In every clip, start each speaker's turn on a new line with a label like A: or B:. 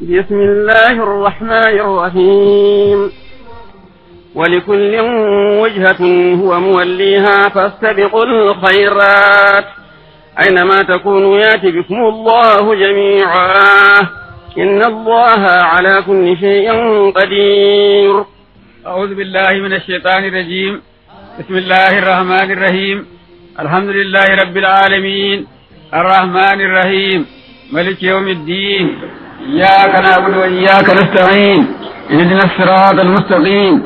A: بسم الله الرحمن الرحيم ولكل وجهة هو موليها فاستبقوا الخيرات أينما تكونوا يأتي بكم الله جميعا إن الله على كل شيء قدير أعوذ بالله من الشيطان الرجيم بسم الله الرحمن الرحيم الحمد لله رب العالمين الرحمن الرحيم ملك يوم الدين إياك نعبد وإياك نستعين اهدنا الصراط المستقيم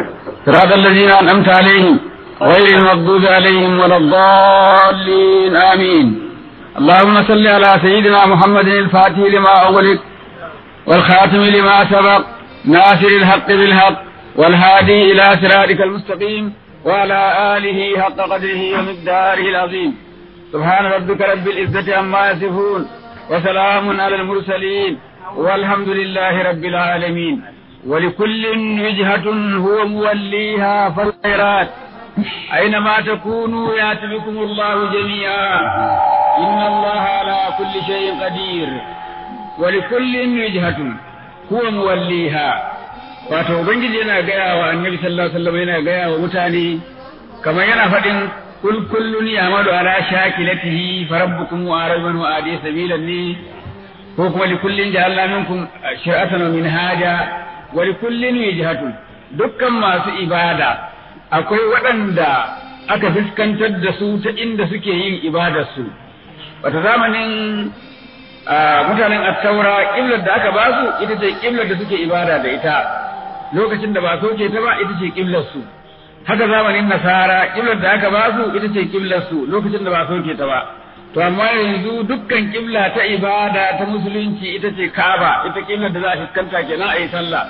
A: صراط الذين أنعمت عليهم غير المغضوب عليهم ولا الضالين آمين اللهم صل على سيدنا محمد الفاتح لما أغلق والخاتم لما سبق ناصر الحق بالحق والهادي إلى صراطك المستقيم وعلى آله حق قدره ومقداره العظيم سبحان ربك رب العزة عما يصفون وسلام على المرسلين والحمد لله رب العالمين ولكل وجهة هو موليها فالخيرات أينما تكونوا يأتيكم الله جميعا إن الله على كل شيء قدير ولكل وجهة هو موليها فاتو بنجينا قيا والنبي صلى الله عليه وسلم هنا قيا ومتاني كما ينا فدن قل كل يعمل على شاكلته فربكم وعربا وعادي سبيلا لي ko kuma likullin ja'alna minkum shir'atan wa minhaja wa likullin wijhatun dukkan masu ibada akwai waɗanda aka fuskantar da su ta inda suke yin su? wata zamanin mutanen attaura ƙiblar da aka ba su ita ce ƙiblar da suke ibada da ita lokacin da ba soke ta ba ita ce ƙiblar su haka zamanin nasara ƙiblar da aka ba su ita ce ƙiblar su lokacin da ba soke ta ba to amma yanzu dukkan kibla ta ibada ta musulunci ita ce kaba ita kibla da za a fuskanta kenan a yi sallah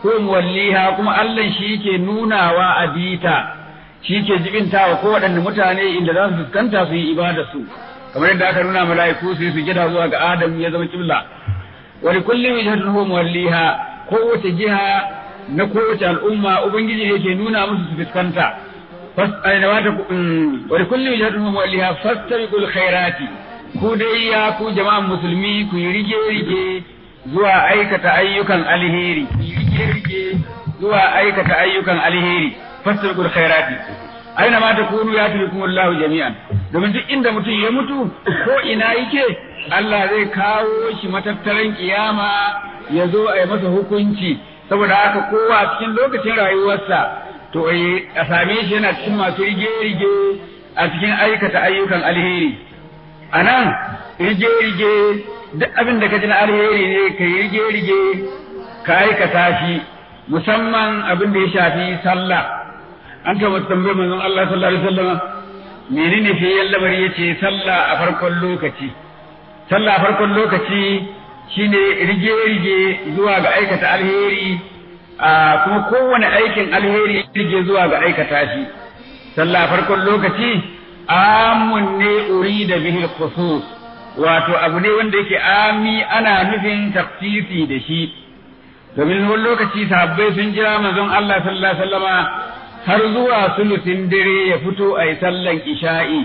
A: ko walliha kuma Allah shi ke nunawa a bita shi ke jibintawa ko waɗanne mutane inda za su fuskanta su yi ibada su kamar yadda aka nuna mala'iku su yi gida zuwa ga Adam ya zama kibla wa li kulli wajhatin huwa walliha kowace jiha na kowace al'umma ubangiji ne ke nuna musu su fuskanta Mm, wani kullum ya duhu waliya fastabiqul khairati ku dai ya ku jama'an musulmi ku yi rige rige zuwa aikata ayyukan alheri rige rige zuwa aikata ayyukan alheri fastabiqul khairati aina ma ta kunu ya tulikum Allah jami'an domin duk inda mutum ya mutu ko ina yake Allah zai kawo shi matattaran kiyama ya zo a yi masa hukunci saboda haka kowa cikin lokacin rayuwarsa to eh, a same shi yana cikin masu rige-rige a cikin aikata ayyukan alheri a nan rige-rige duk abin da ka ji na alheri ne ka yi rige-rige ka aikata shi musamman abin da ya shafi sallah an kama tambayar manzon Allah sallallahu alaihi wasallam menene fi ya yace sallah a farkon lokaci sallah a farkon lokaci shine rige-rige zuwa ga aikata alheri kuma kowane aikin alheri yake zuwa ga aikata shi sallah farkon lokaci amun ne uri da bihi khusus wato abu ne wanda yake ami ana nufin tafsisi da shi domin wannan lokaci sahabbai sun jira manzon Allah sallallahu alaihi wasallama har zuwa sulusin dare ya fito ai sallan isha'i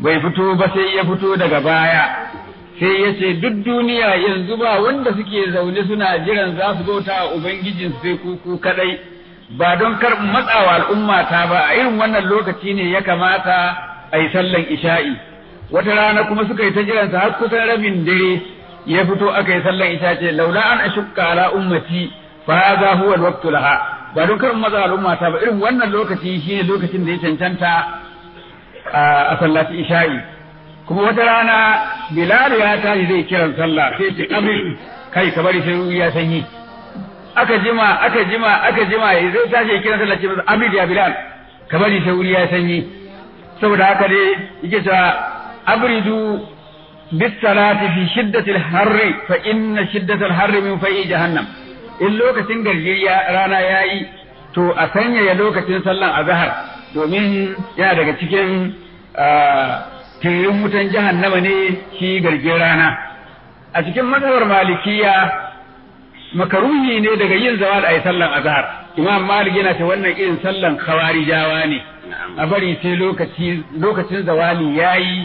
A: bai fito ba sai ya fito daga baya sai ya ce duk duniya yanzu ba wanda suke zaune suna jiran za su bauta a Ubangijin sai kuku kadai ba don kar matsawa al'umma ta ba a irin wannan lokaci ne ya kamata a yi sallan isha'i wata rana kuma suka yi ta jiransa har kusan rabin dare ya fito aka yi sallan isha ce laula an ashukka ala ummati fa hadha huwa alwaqtu laha ba don kar matsawa al'umma ta ba irin wannan lokaci shine lokacin da ya cancanta a sallati isha'i kuma wata rana bilal ya tashi zai kiran sallah sai ce amin kai ka bari sai ya sanyi aka jima aka jima aka jima zai tashi kiran sallah ce masa amin ya bilal ka bari sai wuri ya sanyi saboda haka dai yake cewa abridu bisalati fi shiddatil harri fa inna shiddatal harri min fa'i jahannam in lokacin garjiya rana yayi to a sanyaya lokacin sallan azhar domin yana daga cikin ah, mutan wutan jahannama ne shi garge rana a cikin mazhabar malikiya makaruhi ne daga yin zawa da yi sallan azahar. imam malik yana ta wannan irin sallan khawarijawa ne a bari sai lokaci lokacin zawali yayi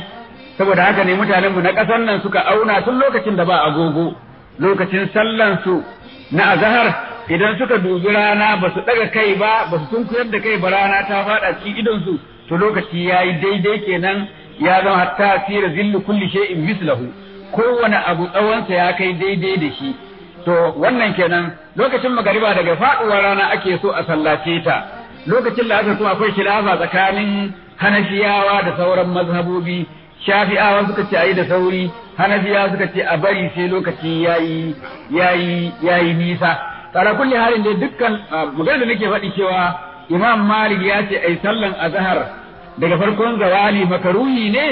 A: saboda haka ne mutanen mu na ƙasar nan suka auna tun lokacin da ba agogo lokacin sallan su na azahar idan suka dubi rana ba su daga kai ba ba su tunkuyar da kai ba rana ta faɗa cikin idon su to lokaci yayi daidai kenan ya zama hatta sira zillu kulli shay'in mislahu kowane abu tsawonsa ya kai daidai da shi to wannan kenan lokacin magariba daga faduwar rana ake so a sallace ta lokacin da aka so akwai khilafa tsakanin hanafiyawa da sauran mazhabobi shafi'awa suka ce ayi da sauri hanafiya suka ce a bari sai lokaci yayi yayi yayi nisa tsara kulli halin da dukkan ah, magana da nake faɗi cewa imam malik ya ce ai sallan azhar daga farkon zawali makaruhi ne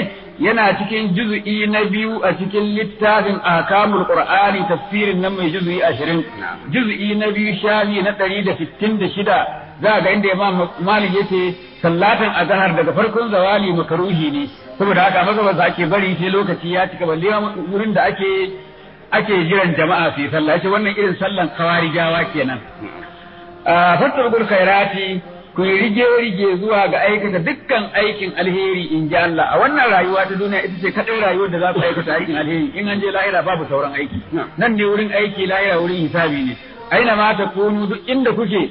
A: yana cikin juz'i na biyu a cikin littafin ahkamul qur'ani tafsirin nan mai juz'i 20 juz'i na biyu shafi na 166 za ga inda imam malik yace sallatan azhar daga farkon zawali makaruhi ne saboda haka maza ba ake bari sai lokaci ya cika balle wurin da ake ake jiran jama'a su yi sallah ce wannan irin sallan kawarijawa kenan fatul khairati ku yi rige-rige zuwa ga aikata dukkan aikin alheri in ji Allah a wannan rayuwa ta duniya ita ce kaɗai rayuwar da za ku aikata aikin alheri in an je la'ira babu sauran aiki nan ne wurin aiki la'ira wurin hisabi ne aina ma ta kunu duk inda kuke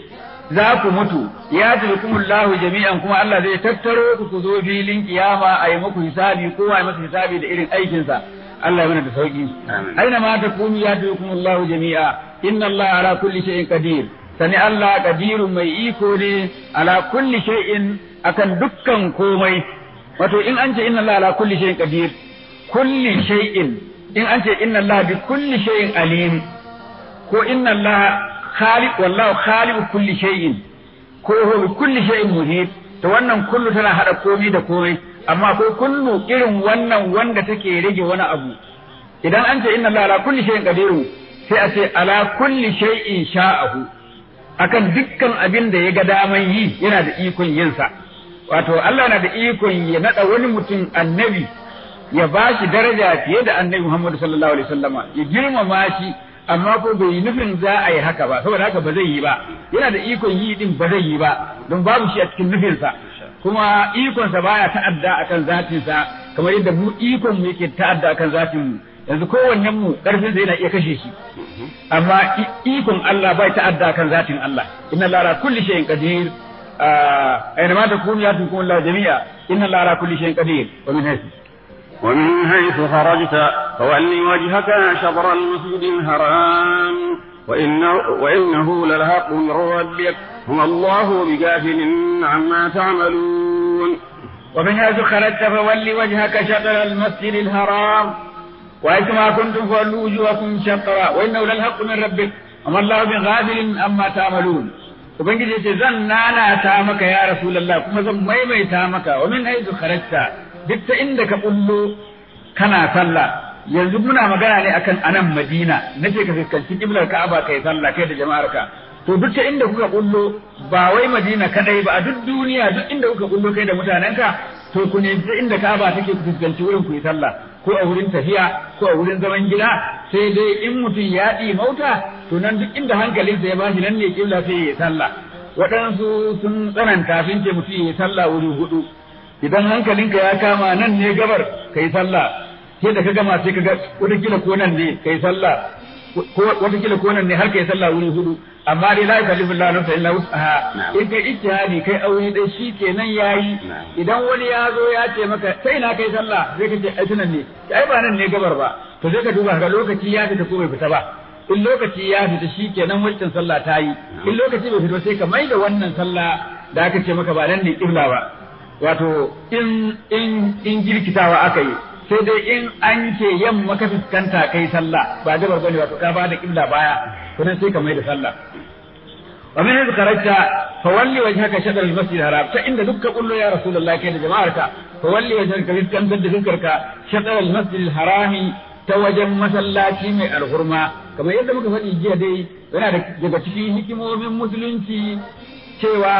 A: za ku mutu ya tilkumullahu jami'an kuma Allah zai tattaro ku ku zo filin kiyama a yi muku hisabi kowa ya masa hisabi da irin aikinsa Allah ya mana da sauki aina ma ta kunu ya tilkumullahu jami'a inna Allah ala kulli shay'in qadir sani Allah qadirun mai iko ne ala kulli shay'in akan dukkan komai wato in an ce inna Allah ala kulli shay'in qadir kulli shay'in in an ce inna Allah bi kulli shay'in alim ko inna Allah khaliq wallahu khaliq kulli shay'in ko huwa bi kulli shay'in muhit to wannan kullu tana hada komai da komai amma ko kullu irin wannan wanda take rage wani abu idan an ce inna Allah ala kulli shay'in qadir sai a ce ala kulli shay'in sha'ahu akan dukkan abin da ya ga daman yi yana da ikon yinsa wato Allah na da ikon ya nada wani mutum annabi ya ba shi daraja fiye da annabi Muhammad sallallahu alaihi wasallama ya girmama shi amma ko bai nufin za a yi haka ba saboda haka ba zai yi ba yana da ikon yi din ba zai yi ba don babu shi a cikin nufinsa kuma ikonsa baya ta'adda akan zatinsa kamar yadda mu ikon mu yake ta'adda akan zatin mu yanzu kowannen mu karfin sa yana iya kashe shi amma ikon Allah bai ta'adda kan zatin Allah inna lara kulli shay'in qadir aina ma takunu yatukum la jami'a inna lara kulli shay'in qadir wa min haythu ومن حيث خرجت فول وجهك شطر المسجد الحرام وإنه, وإنه للحق من ربك وما الله بغافل عما تعملون ومن حيث خرجت فول وجهك شطر المسجد الحرام Wa وأنتم كنتم فولوا وجوهكم شطرا وإنه للحق من ربك وما الله بغافل أما تعملون ubangiji ce zan nanata maka ya rasulullah kuma zan maimaita maka wa min aizu kharajta duk ta inda ka bullo kana sallah yanzu muna magana ne akan anan madina nace ka fuskanci kiblar ka'aba kai sallah kai da jama'ar ka to duk ta inda kuka bullo ba wai madina kadai ba a duk duniya duk inda kuka bullo kai da mutanen ka to ku ne inda ka'aba take ku fuskanci wurin kuyi sallah ko a wurin tafiya ko a wurin zaman gida sai dai in mutum ya ɗi mauta to nan duk inda hankalinsa ya bashi nan ne kibla sai ya sallah waɗansu sun tsananta sun ce mutum ya yi sallah wuri hudu idan hankalinka ya kama nan ne gabar ka yi sallah sai da ka gama sai ka ga wata kila ko nan ne ka yi sallah wata watakila ko ne har kai sallah wuri hudu amma dai la yukallifu Allahu nafsan illa wus'aha in kai ijtihadi kai aure dai shikenan yayi idan wani ya zo ya ce maka sai na kai sallah zai kace ai tunan ne ai ba nan ne gabar ba to sai ka duba ga lokaci ya fita ko bai fita ba in lokaci ya fita shikenan wancan sallah ta yi in lokaci bai fita sai ka mai da wannan sallah da aka ce maka ba nan ne kibla ba wato in in in girkitawa aka yi sai dai in an ce yamma ka fuskanta kai sallah ba dabar bane wato ka bada kibla baya ko sai ka mai da sallah wa min zikarta fa walli wajhaka shatr al-masjid haram ta inda dukka kullu ya rasulullahi kai da jama'arka fa walli wajhaka fuskantar da fuskarka shatr al-masjid al-haram ta wajen masallaci mai alhurma kamar yadda muka faɗi jiya dai yana daga cikin hikimomin musulunci cewa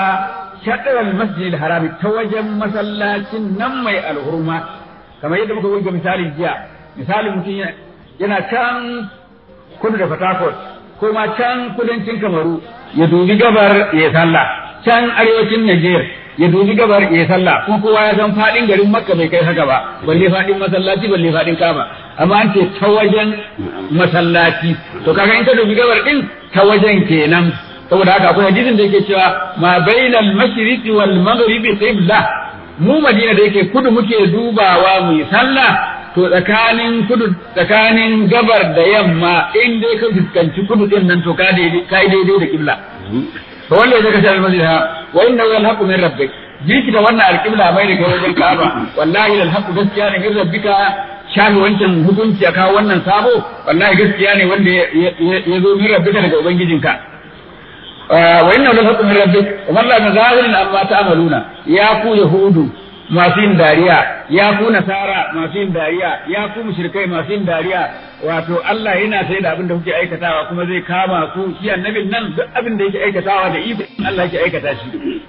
A: shatr al-masjid al-haram ta wajen masallacin nan mai alhurma kamar yadda muka wuce misalin jiya misalin mutum yana can kudu da fatakot ko ma can kudancin kamaru ya dubi gabar ya sallah can arewacin Najeriya ya dubi gabar ya sallah kuma kowa ya san fadin garin Makka bai kai haka ba balle fadin masallaci balle fadin Kaba. amma an ce ta wajen masallaci to kaga in ka dubi gabar din ta wajen kenan saboda haka akwai hadisin da yake cewa ma bainal mashriqi wal maghribi qibla mu madina da yake kudu muke dubawa mu sallah to tsakanin kudu tsakanin gabar da yamma in dai ka fuskanci kudu din nan to ka yi daidai da kibla to wanda ya kace almasjid ha wa inna wal haqqu min rabbik jiki da wannan alqibla mai ga wajen Ka'aba wallahi lal haqqu gaskiya ne min rabbika shafi wancan hukunci a kawo wannan sabo wallahi gaskiya ne wanda ya zo min rabbika daga ubangijinka Eh, wa inna la fatu min rabbik wa man la ya ku yahudu masu yin dariya ya ku nasara masu yin dariya ya ku mushrikai masu yin dariya wato Allah yana sai da abin da kuke aikatawa kuma zai kama ku shi annabin nan duk abin da yake aikatawa da iko Allah yake aikata shi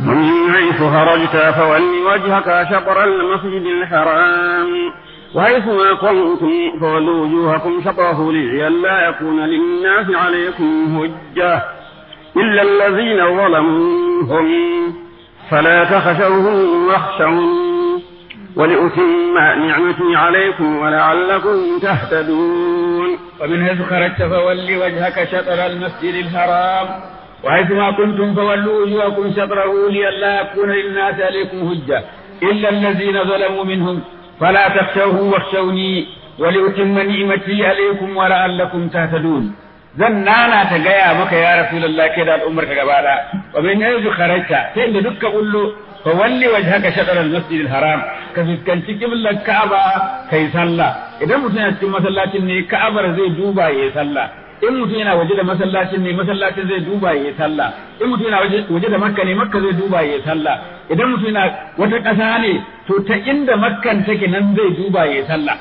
A: من حيث خرجت فول وجهك شطر المسجد الحرام ما قلتم فولوا وجوهكم شطره لئلا يكون للناس عليكم هجة إلا الذين ظلموا هم فلا تخشوهم واخشون ولأتم نعمتي عليكم ولعلكم تهتدون ومنها إذ خرجت فول وجهك شطر المسجد الحرام وحيثما كنتم فولوا وجوهكم شطره لئلا يكون للناس عليكم هجة إلا الذين ظلموا منهم فلا تخشوه واخشوني ولأتم نعمتي عليكم ولعلكم تهتدون زنانا تجايا بك يا رسول الله كذا الأمر كجبارة ومن أجل خرجت تين دك له فولي وجهك شطر المسجد الحرام كفي كان تكمل الله كعبة إذا مثلا تكمل الله كعبة زي دوبا يصلى in mutum yana waje da masallacin ne masallacin zai duba ya sallah in mutum yana waje da makka ne makka zai duba ya sallah idan mutum yana wata ƙasa ne to ta inda makkan take nan zai duba ya sallah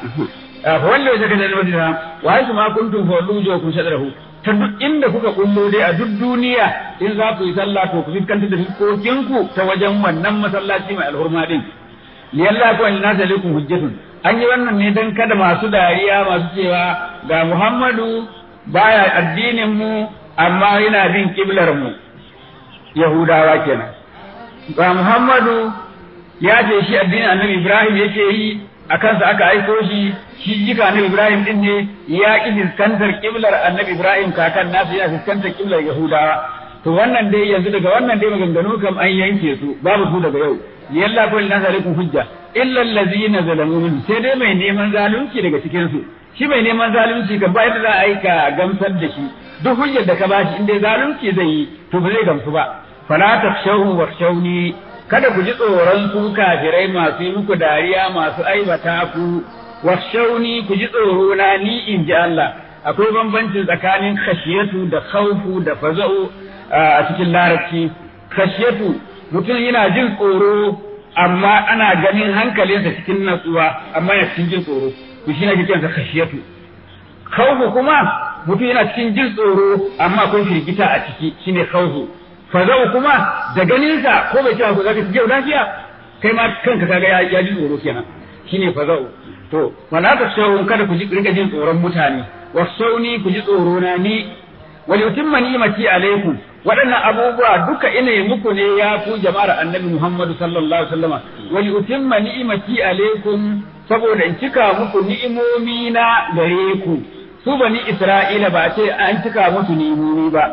A: ah, wanda ah. ya da madina wa yasu ma kuntum fa lujo kun sadrahu ta duk inda kuka kullo dai a duk duniya in za ku yi sallah to ku fiskanta da fiskokin ku ta wajen wannan masallaci mai alhurma din liyalla ko an nasa lakum hujjatun an yi wannan ne dan kada masu dariya masu cewa ga Muhammadu baya addinin mu amma yana bin kiblar mu yahudawa kenan ba muhammadu ya ce shi addinin annabi ibrahim yake yi a kansa aka aiko shi shi jika annabi ibrahim din ne ya ki fuskantar kiblar annabi ibrahim kakan nasu yana fuskantar kiblar yahudawa to wannan dai yanzu daga wannan dai maganganu kam an yanke su babu su daga yau yalla kullu nasarikum hujja illa allazina zalamu sai dai mai neman zalunci daga cikin su shi mai neman zalunci ka ba yadda za a yi ka gamsar da shi duk hujjar da ka ba shi inda zalunci zai yi to ba zai gamsu ba fala wa wakhshawni kada ku ji tsoron su kafirai masu yi muku dariya masu aibata ku wakhshawni ku ji tsoro na ni in ji Allah akwai bambanci tsakanin khashiyatu da khawfu da faza'u a cikin larabci khashiyatu mutum yana jin tsoro amma ana ganin hankalinsa cikin natsuwa amma ya cikin jin tsoro to shi ne ake kiransa khashiyatu khawfu kuma mutum yana cikin jin tsoro amma kun firgita a ciki shine khawfu fazau kuma da ganinsa ko bai cewa ku zaka ji lafiya kai ma kanka kaga ya ya ji tsoro kenan shine fazau to wala ta tsoron kada ku ji rinka jin tsoron mutane wasauni ku ji tsoro na ni wal yutimma ni'mati alaikum waɗannan abubuwa duka ina yi muku ne ya ku jama'ar annabi Muhammadu sallallahu alaihi wasallam wal yutimma ni'mati alaikum saboda in cika muku ni'imomi na gare ku su bani isra'ila ba ce an cika musu ni'imomi ba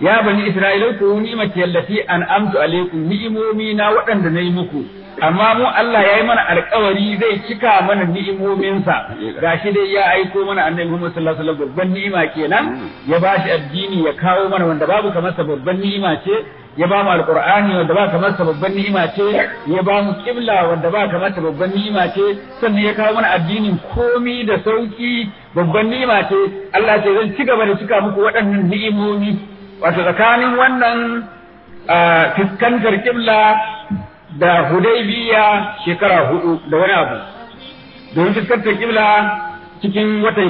A: ya bani isra'ila ku ni'imati allati an amtu alaikum ni'imomi na waɗanda nayi muku amma mu Allah ya yi mana alkawari zai cika mana ni'imominsa Ga shi dai ya aiko mana annabi Muhammad sallallahu alaihi wasallam babban ni'ima kenan ya ba shi addini ya kawo mana wanda babu kamar sa babban ni'ima ce ya ba mu alqur'ani wanda ba kamar sa babban ni'ima ce ya ba mu qibla wanda ba kamar sa babban ni'ima ce sannan ya kawo mana addinin komi da sauki babban ni'ima ce Allah ce zan ci gaba da cika muku waɗannan ni'imomi wato tsakanin wannan ah, fuskantar kibla da hudaybiya shekara hudu da wani abu domin fuskantar kibla cikin watan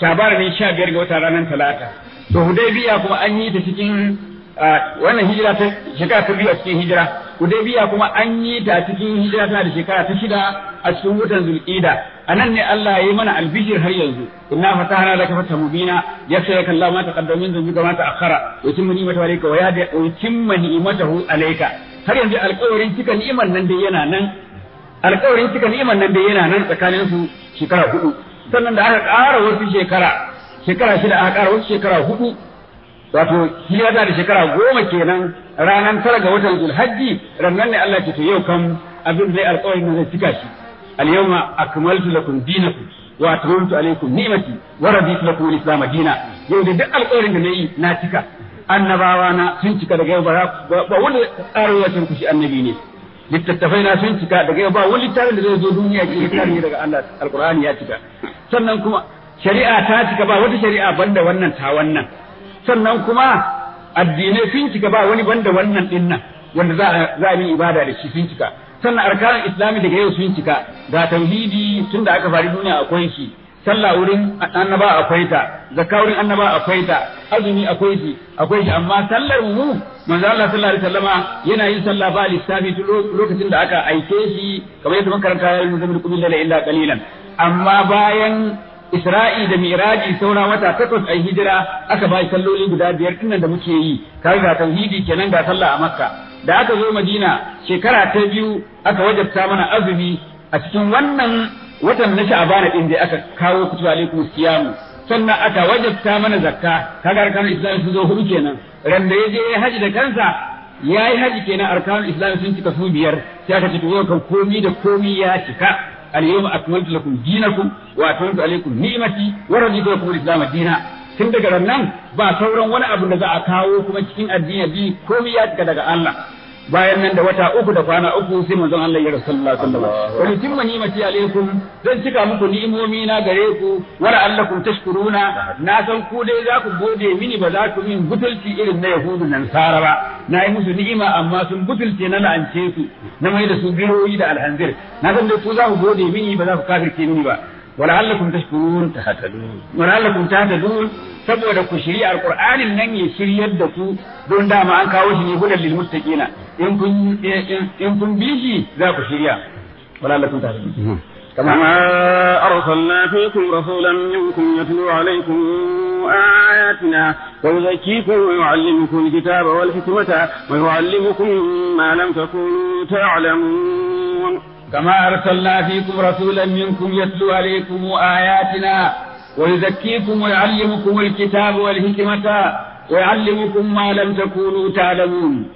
A: sha'ban ne sha biyar ga wata ranar talata to hudaybiya kuma an yi ta cikin wannan hijira ta shekara ta biyu a cikin hijira hudaybiya kuma an yi ta cikin hijira tana da shekara ta shida a cikin watan zulqida anan ne Allah ya yi mana albishir har yanzu inna fatahna laka fatah mubina yasayaka Allah ma taqaddama min dhanbika ma ta'akhkhara wa yutimma ni'matahu alayka wa yutimmu ni'matahu alayka har yanzu alƙawarin cika ni'imar nan dai yana nan alƙawarin cika ni'imar nan dai yana nan tsakanin su shekara hudu sannan da aka ƙara wasu shekara shekara shida aka ƙara wasu shekara hudu wato hijira da shekara goma kenan ranar tara ga watan zulhajji rannan ne Allah ce to yau kam abin zai alƙawarin nan zai cika shi al-yawma akmaltu lakum dinakum wa atmamtu alaykum ni'mati wa raditu lakum al-islam dinan yau da duk alƙawarin da nayi na cika annabawa na sun cika daga yau ba wani tsarin ya sun kushi annabi ne littattafai na sun cika daga yau ba wani littafin da zai zo duniya ke tarihi daga Allah alqur'ani ya cika sannan kuma shari'a ta cika ba wata shari'a banda wannan ta wannan sannan kuma addinai sun cika ba wani banda wannan din nan wanda za za yi ibada da shi sun cika sannan arkanin islami daga yau sun cika ga tauhidi tunda aka fari duniya akwai shi sallah wurin annaba akwai ta zakka wurin annaba akwai ta azumi akwai shi akwai shi amma sallar mu manzo Allah sallallahu alaihi wasallama yana yin salla ba lissafi lokacin da aka aike shi kamar yadda makaranta ya yi zamin kullu la illa qalilan amma bayan Isra'i da Miraji saura wata takwas a hijira aka bai salloli guda biyar dinnan da muke yi kaga ga tauhidi kenan ga salla a Makka da aka zo Madina shekara ta biyu aka wajabta mana azumi a cikin wannan watan na sha'abana din da aka kawo kutuba alaikum siyamu sannan aka wajabta mana zakka kaga arkanul islam sun zo hudu kenan Randa yaje ya haji da kansa ya yi haji kenan arkanul islam sun cika su biyar sai aka ce to kan komi da komi ya cika al-yawma akmaltu lakum dinakum wa atamtu alaykum ni'mati wa raditu lakum al-islam dina tun daga nan ba sauran wani abu da za a kawo kuma cikin addini komi ya cika daga Allah bayan nan da wata uku da kwana uku sai manzon Allah ya rasu sallallahu alaihi wasallam wani timma ni'mati alaikum zan cika muku ni'imomi na gare ku wa la'allakum tashkuruna na san ku dai za ku gode mini ba za ku min butulci irin na yahudu nan sara ba na yi musu ni'ima amma sun butulce na la'ance su na mai da su biroyi da alhanzir na san dai ku za ku gode mini ba za ku kafirce mini ba ولعلكم تشكرون تهتدون ولعلكم تهتدون saboda ku shirya alqur'anin nan ya shiryar da ku don dama an kawo shi ne hudan lil in kun in kun bi shi za ku shirya كما أرسلنا فيكم رسولا منكم يتلو عليكم آياتنا ويزكيكم ويعلمكم الكتاب والحكمة ويعلمكم ما لم تكونوا تعلمون كما أرسلنا فيكم رسولا منكم يتلو عليكم آياتنا ويزكيكم ويعلمكم الكتاب والحكمة ويعلمكم ما لم تكونوا تعلمون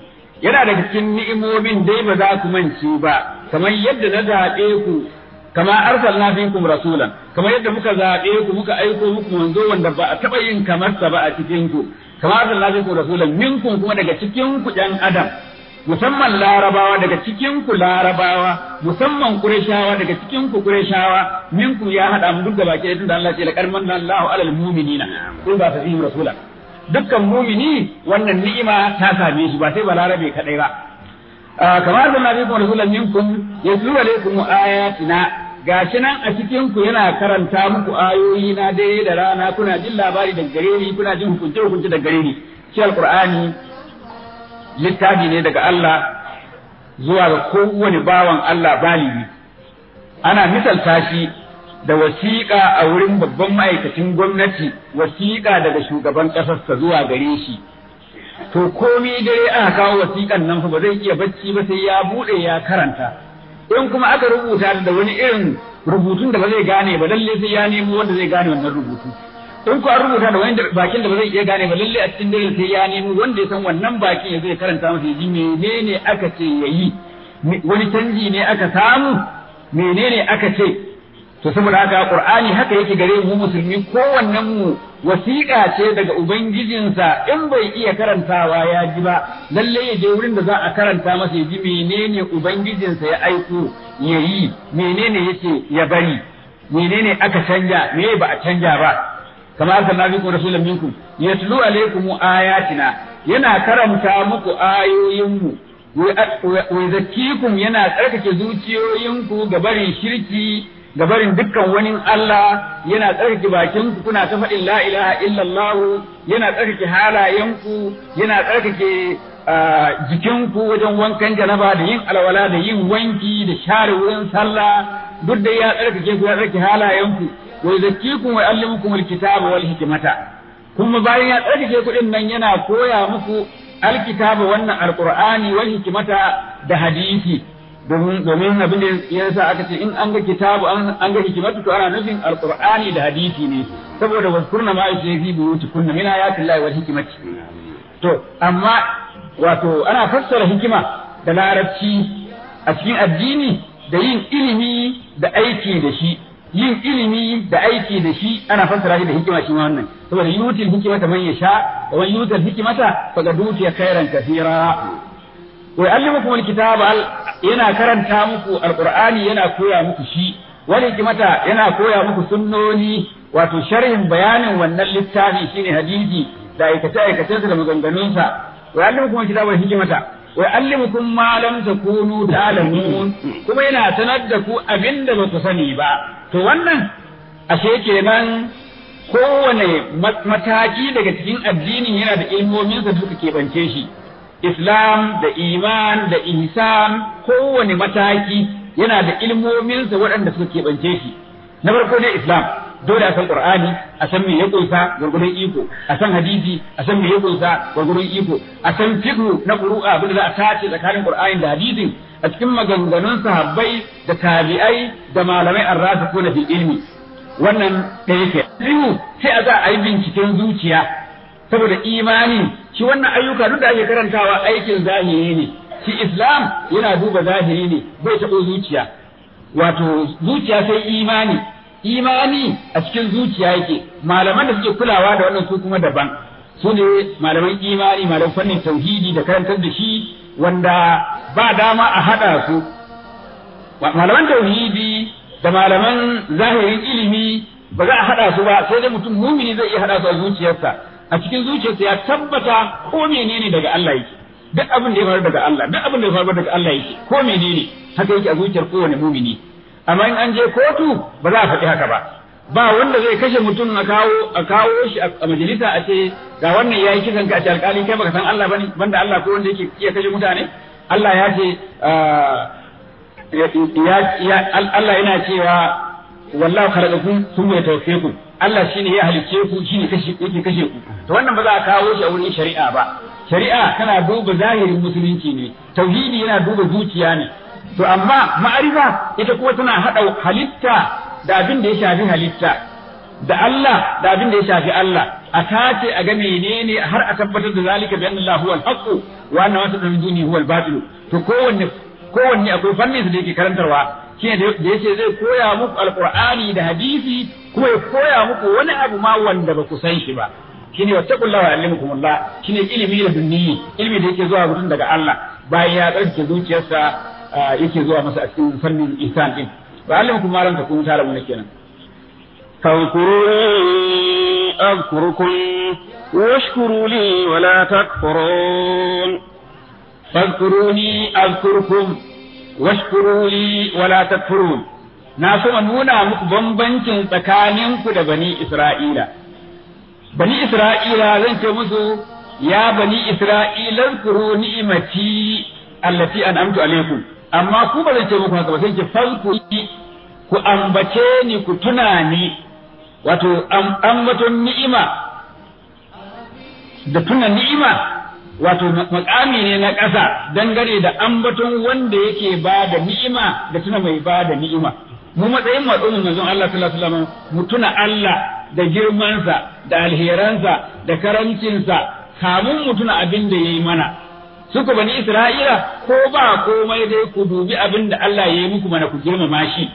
A: yana da cikin ni'imomin dai ba za ku mance ba kamar yadda na zaɓe ku kama arsalna fikum rasulan kamar yadda muka zaɓe ku muka aiko muku manzo wanda ba a taɓa yin kamar sa ba a cikin ku kama arsalna fikum rasulan minkum kuma daga cikin ku ɗan adam musamman larabawa daga cikin ku larabawa musamman qurayshawa daga cikin ku qurayshawa minkum ya hada mu duk da baki da Allah ce la karman Allahu alal mu'minina kun ba fa fihim rasulan dukkan mumini wannan ni'ima ta same shi ba sai balarabe kadai ba ah, kamar da nabi kuma rasulun minkum yatlu alaikum ayatina gashi nan a cikin ku yana karanta muku ayoyi na dai da rana kuna jin labari da gare ni kuna jin hukunce hukunce da gare ni shi alqur'ani littafi ne daga Allah zuwa ga kowane bawan Allah balibi
B: ana misalta
A: shi da wasiƙa a wurin babban ma'aikacin gwamnati wasiƙa daga shugaban ƙasar ta zuwa gare shi to komi dai aka kawo wasiƙan nan fa ba zai iya bacci ba sai ya buɗe ya karanta in kuma aka rubuta da wani irin rubutun da ba zai gane ba lalle sai ya nemo wanda zai gane wannan rubutu in ko an rubuta da wani bakin da ba zai iya gane ba lalle a cikin dare sai ya nemo wanda ya san wannan bakin ya zai karanta masa ya ji menene aka ce yayi wani canji ne aka samu menene aka ce to saboda haka qur'ani haka yake gare mu musulmi kowannen mu wasiƙa ce daga ubangijinsa in bai iya karantawa ya ji ba lalle ya je wurin da za a karanta masa ya ji menene ubangijinsa ya aiko ya yi menene yake ya bari menene aka canja me ba a canja ba Kamar kama arsalna ku rasulun minkum yatlu alaykum ayatina yana karanta muku ayoyinmu wa yana tsarkake zuciyoyinku ga barin shirki da barin dukkan wani Allah yana tsarki bakin ku kuna ta faɗin la ilaha illallah yana tsarki halayenku yana tsarki jikinku wajen wankan janaba da yin alwala da yin wanki da share wurin sallah duk da ya tsarkake ku ya tsarki halayenku wa yuzakkikum wa yuallimukum alkitaba wal hikmata kuma bayan ya tsarkake ku din nan yana koya muku alkitaba wannan alqur'ani wal hikmata da hadisi domin abin da ya sa aka ce in an ga kitabu an ga hikimatu to ana nufin alqur'ani da hadisi ne saboda waskurna ma yake fi buyuti kunna min ayatil lahi wal hikmati to amma wato ana fassara hikima da larabci a cikin addini da yin ilimi da aiki da shi yin ilimi da aiki da shi ana fassara shi da hikima shi wannan saboda yutil hikimata man yasha wa yutil hikimata faqad utiya khairan kathira wa yu'allimukum alkitaba yana karanta muku Alkur'ani yana koya muku shi wani kimata yana koya muku sunnoni wato sharhin bayanin wannan littafi shine hadisi da aikace aikace da maganganunsa wa Wai wani kimata wa allimukum ma lam takunu ta'lamun kuma yana sanar da ku abinda ba ku sani ba to wannan ashe kenan kowane mataki daga cikin addinin yana da ilmominsa da suka keɓance shi islam da iman da ihsan kowane mataki yana da ilmominsa waɗanda suka keɓance shi na farko dai islam dole a san qur'ani a san me ya iko a san hadisi a san me ya iko a san fiqh na qur'a abin da za a tace tsakanin ƙur'ani da hadisin a cikin maganganun sahabbai da tabi'ai da malamai na fi ilmi wannan ɗaya ke biyu sai a za a yi binciken zuciya saboda imani shi wannan ayyuka duk da ake karantawa aikin zahiri ne shi islam yana duba zahiri ne bai taɓo zuciya wato zuciya sai imani imani a cikin zuciya yake malaman da suke kulawa da wannan su kuma daban su ne malaman imani malaman fannin tauhidi da karantar da shi wanda ba dama a haɗa su malaman tauhidi da malaman zahirin ilimi ba za a haɗa su ba sai dai mutum mumini zai iya haɗa su a zuciyarsa a cikin zuciyarsa ya tabbata ko menene daga Allah yake duk abin da ya faru daga Allah duk abin da ya faru daga Allah yake ko menene haka yake a zuciyar kowane mumini amma in an je kotu ba za a faɗi haka ba ba wanda zai kashe mutum a kawo a kawo shi a majalisa a ce ga wannan yayi kisan ka a ce alƙali kai baka san Allah bane banda Allah ko wanda yake iya kashe mutane Allah ya ce ah, Allah yana cewa wallahu khalaqakum thumma yatawaffakum Allah ne ya halicce ku shine kashe yake kashe ku to wannan ba za a kawo shi a wurin shari'a ba shari'a kana duba zahirin musulunci ne tauhidi yana duba zuciya ne to amma ma'arifa ita kuma tana hada halitta da abin da ya shafi halitta da Allah da abin da ya shafi Allah a tace a ga menene har a tabbatar da zalika bi anna huwa al wa anna ma tadun duni huwa batil to kowanne kowanne akwai fannin da yake karantarwa shi da yace zai koya muku alqur'ani da hadisi kuma ya koya muku wani abu ma wanda ba ku san shi ba shine wattaqullaha wa Allah shine ilimi da dunniyi ilimi da yake zuwa mutun daga Allah bayan ya tsarki zuciyarsa yake zuwa masa a cikin fannin ihsan din wa yu'allimukum ma lam takunu ne kenan فاذكروني أذكركم واشكروا لي ولا تكفرون فاذكروني أذكركم washkuru li wala takfurun na so nuna muku bambancin tsakaninku da bani Isra'ila bani Isra'ila zan ce musu ya bani Isra'ila zkuru ni'imati allati an'amtu alaikum amma ku ba zan ce muku ba sai ki falku ku ambace ni ku tuna ni wato ambaton ni'ima da tuna ni'ima wato makami ne na ƙasa dangane da ambaton wanda yake ba da ni'ima da tuna mai ba da ni'ima mu matsayin mu al'ummar manzon Allah sallallahu alaihi wasallam mu tuna Allah da girmansa da alheransa da karancinsa, kamun mu tuna abin da yayi mana Suku bani Isra'ila ko ba komai dai ku dubi abin da Allah yayi muku mana ku girmama shi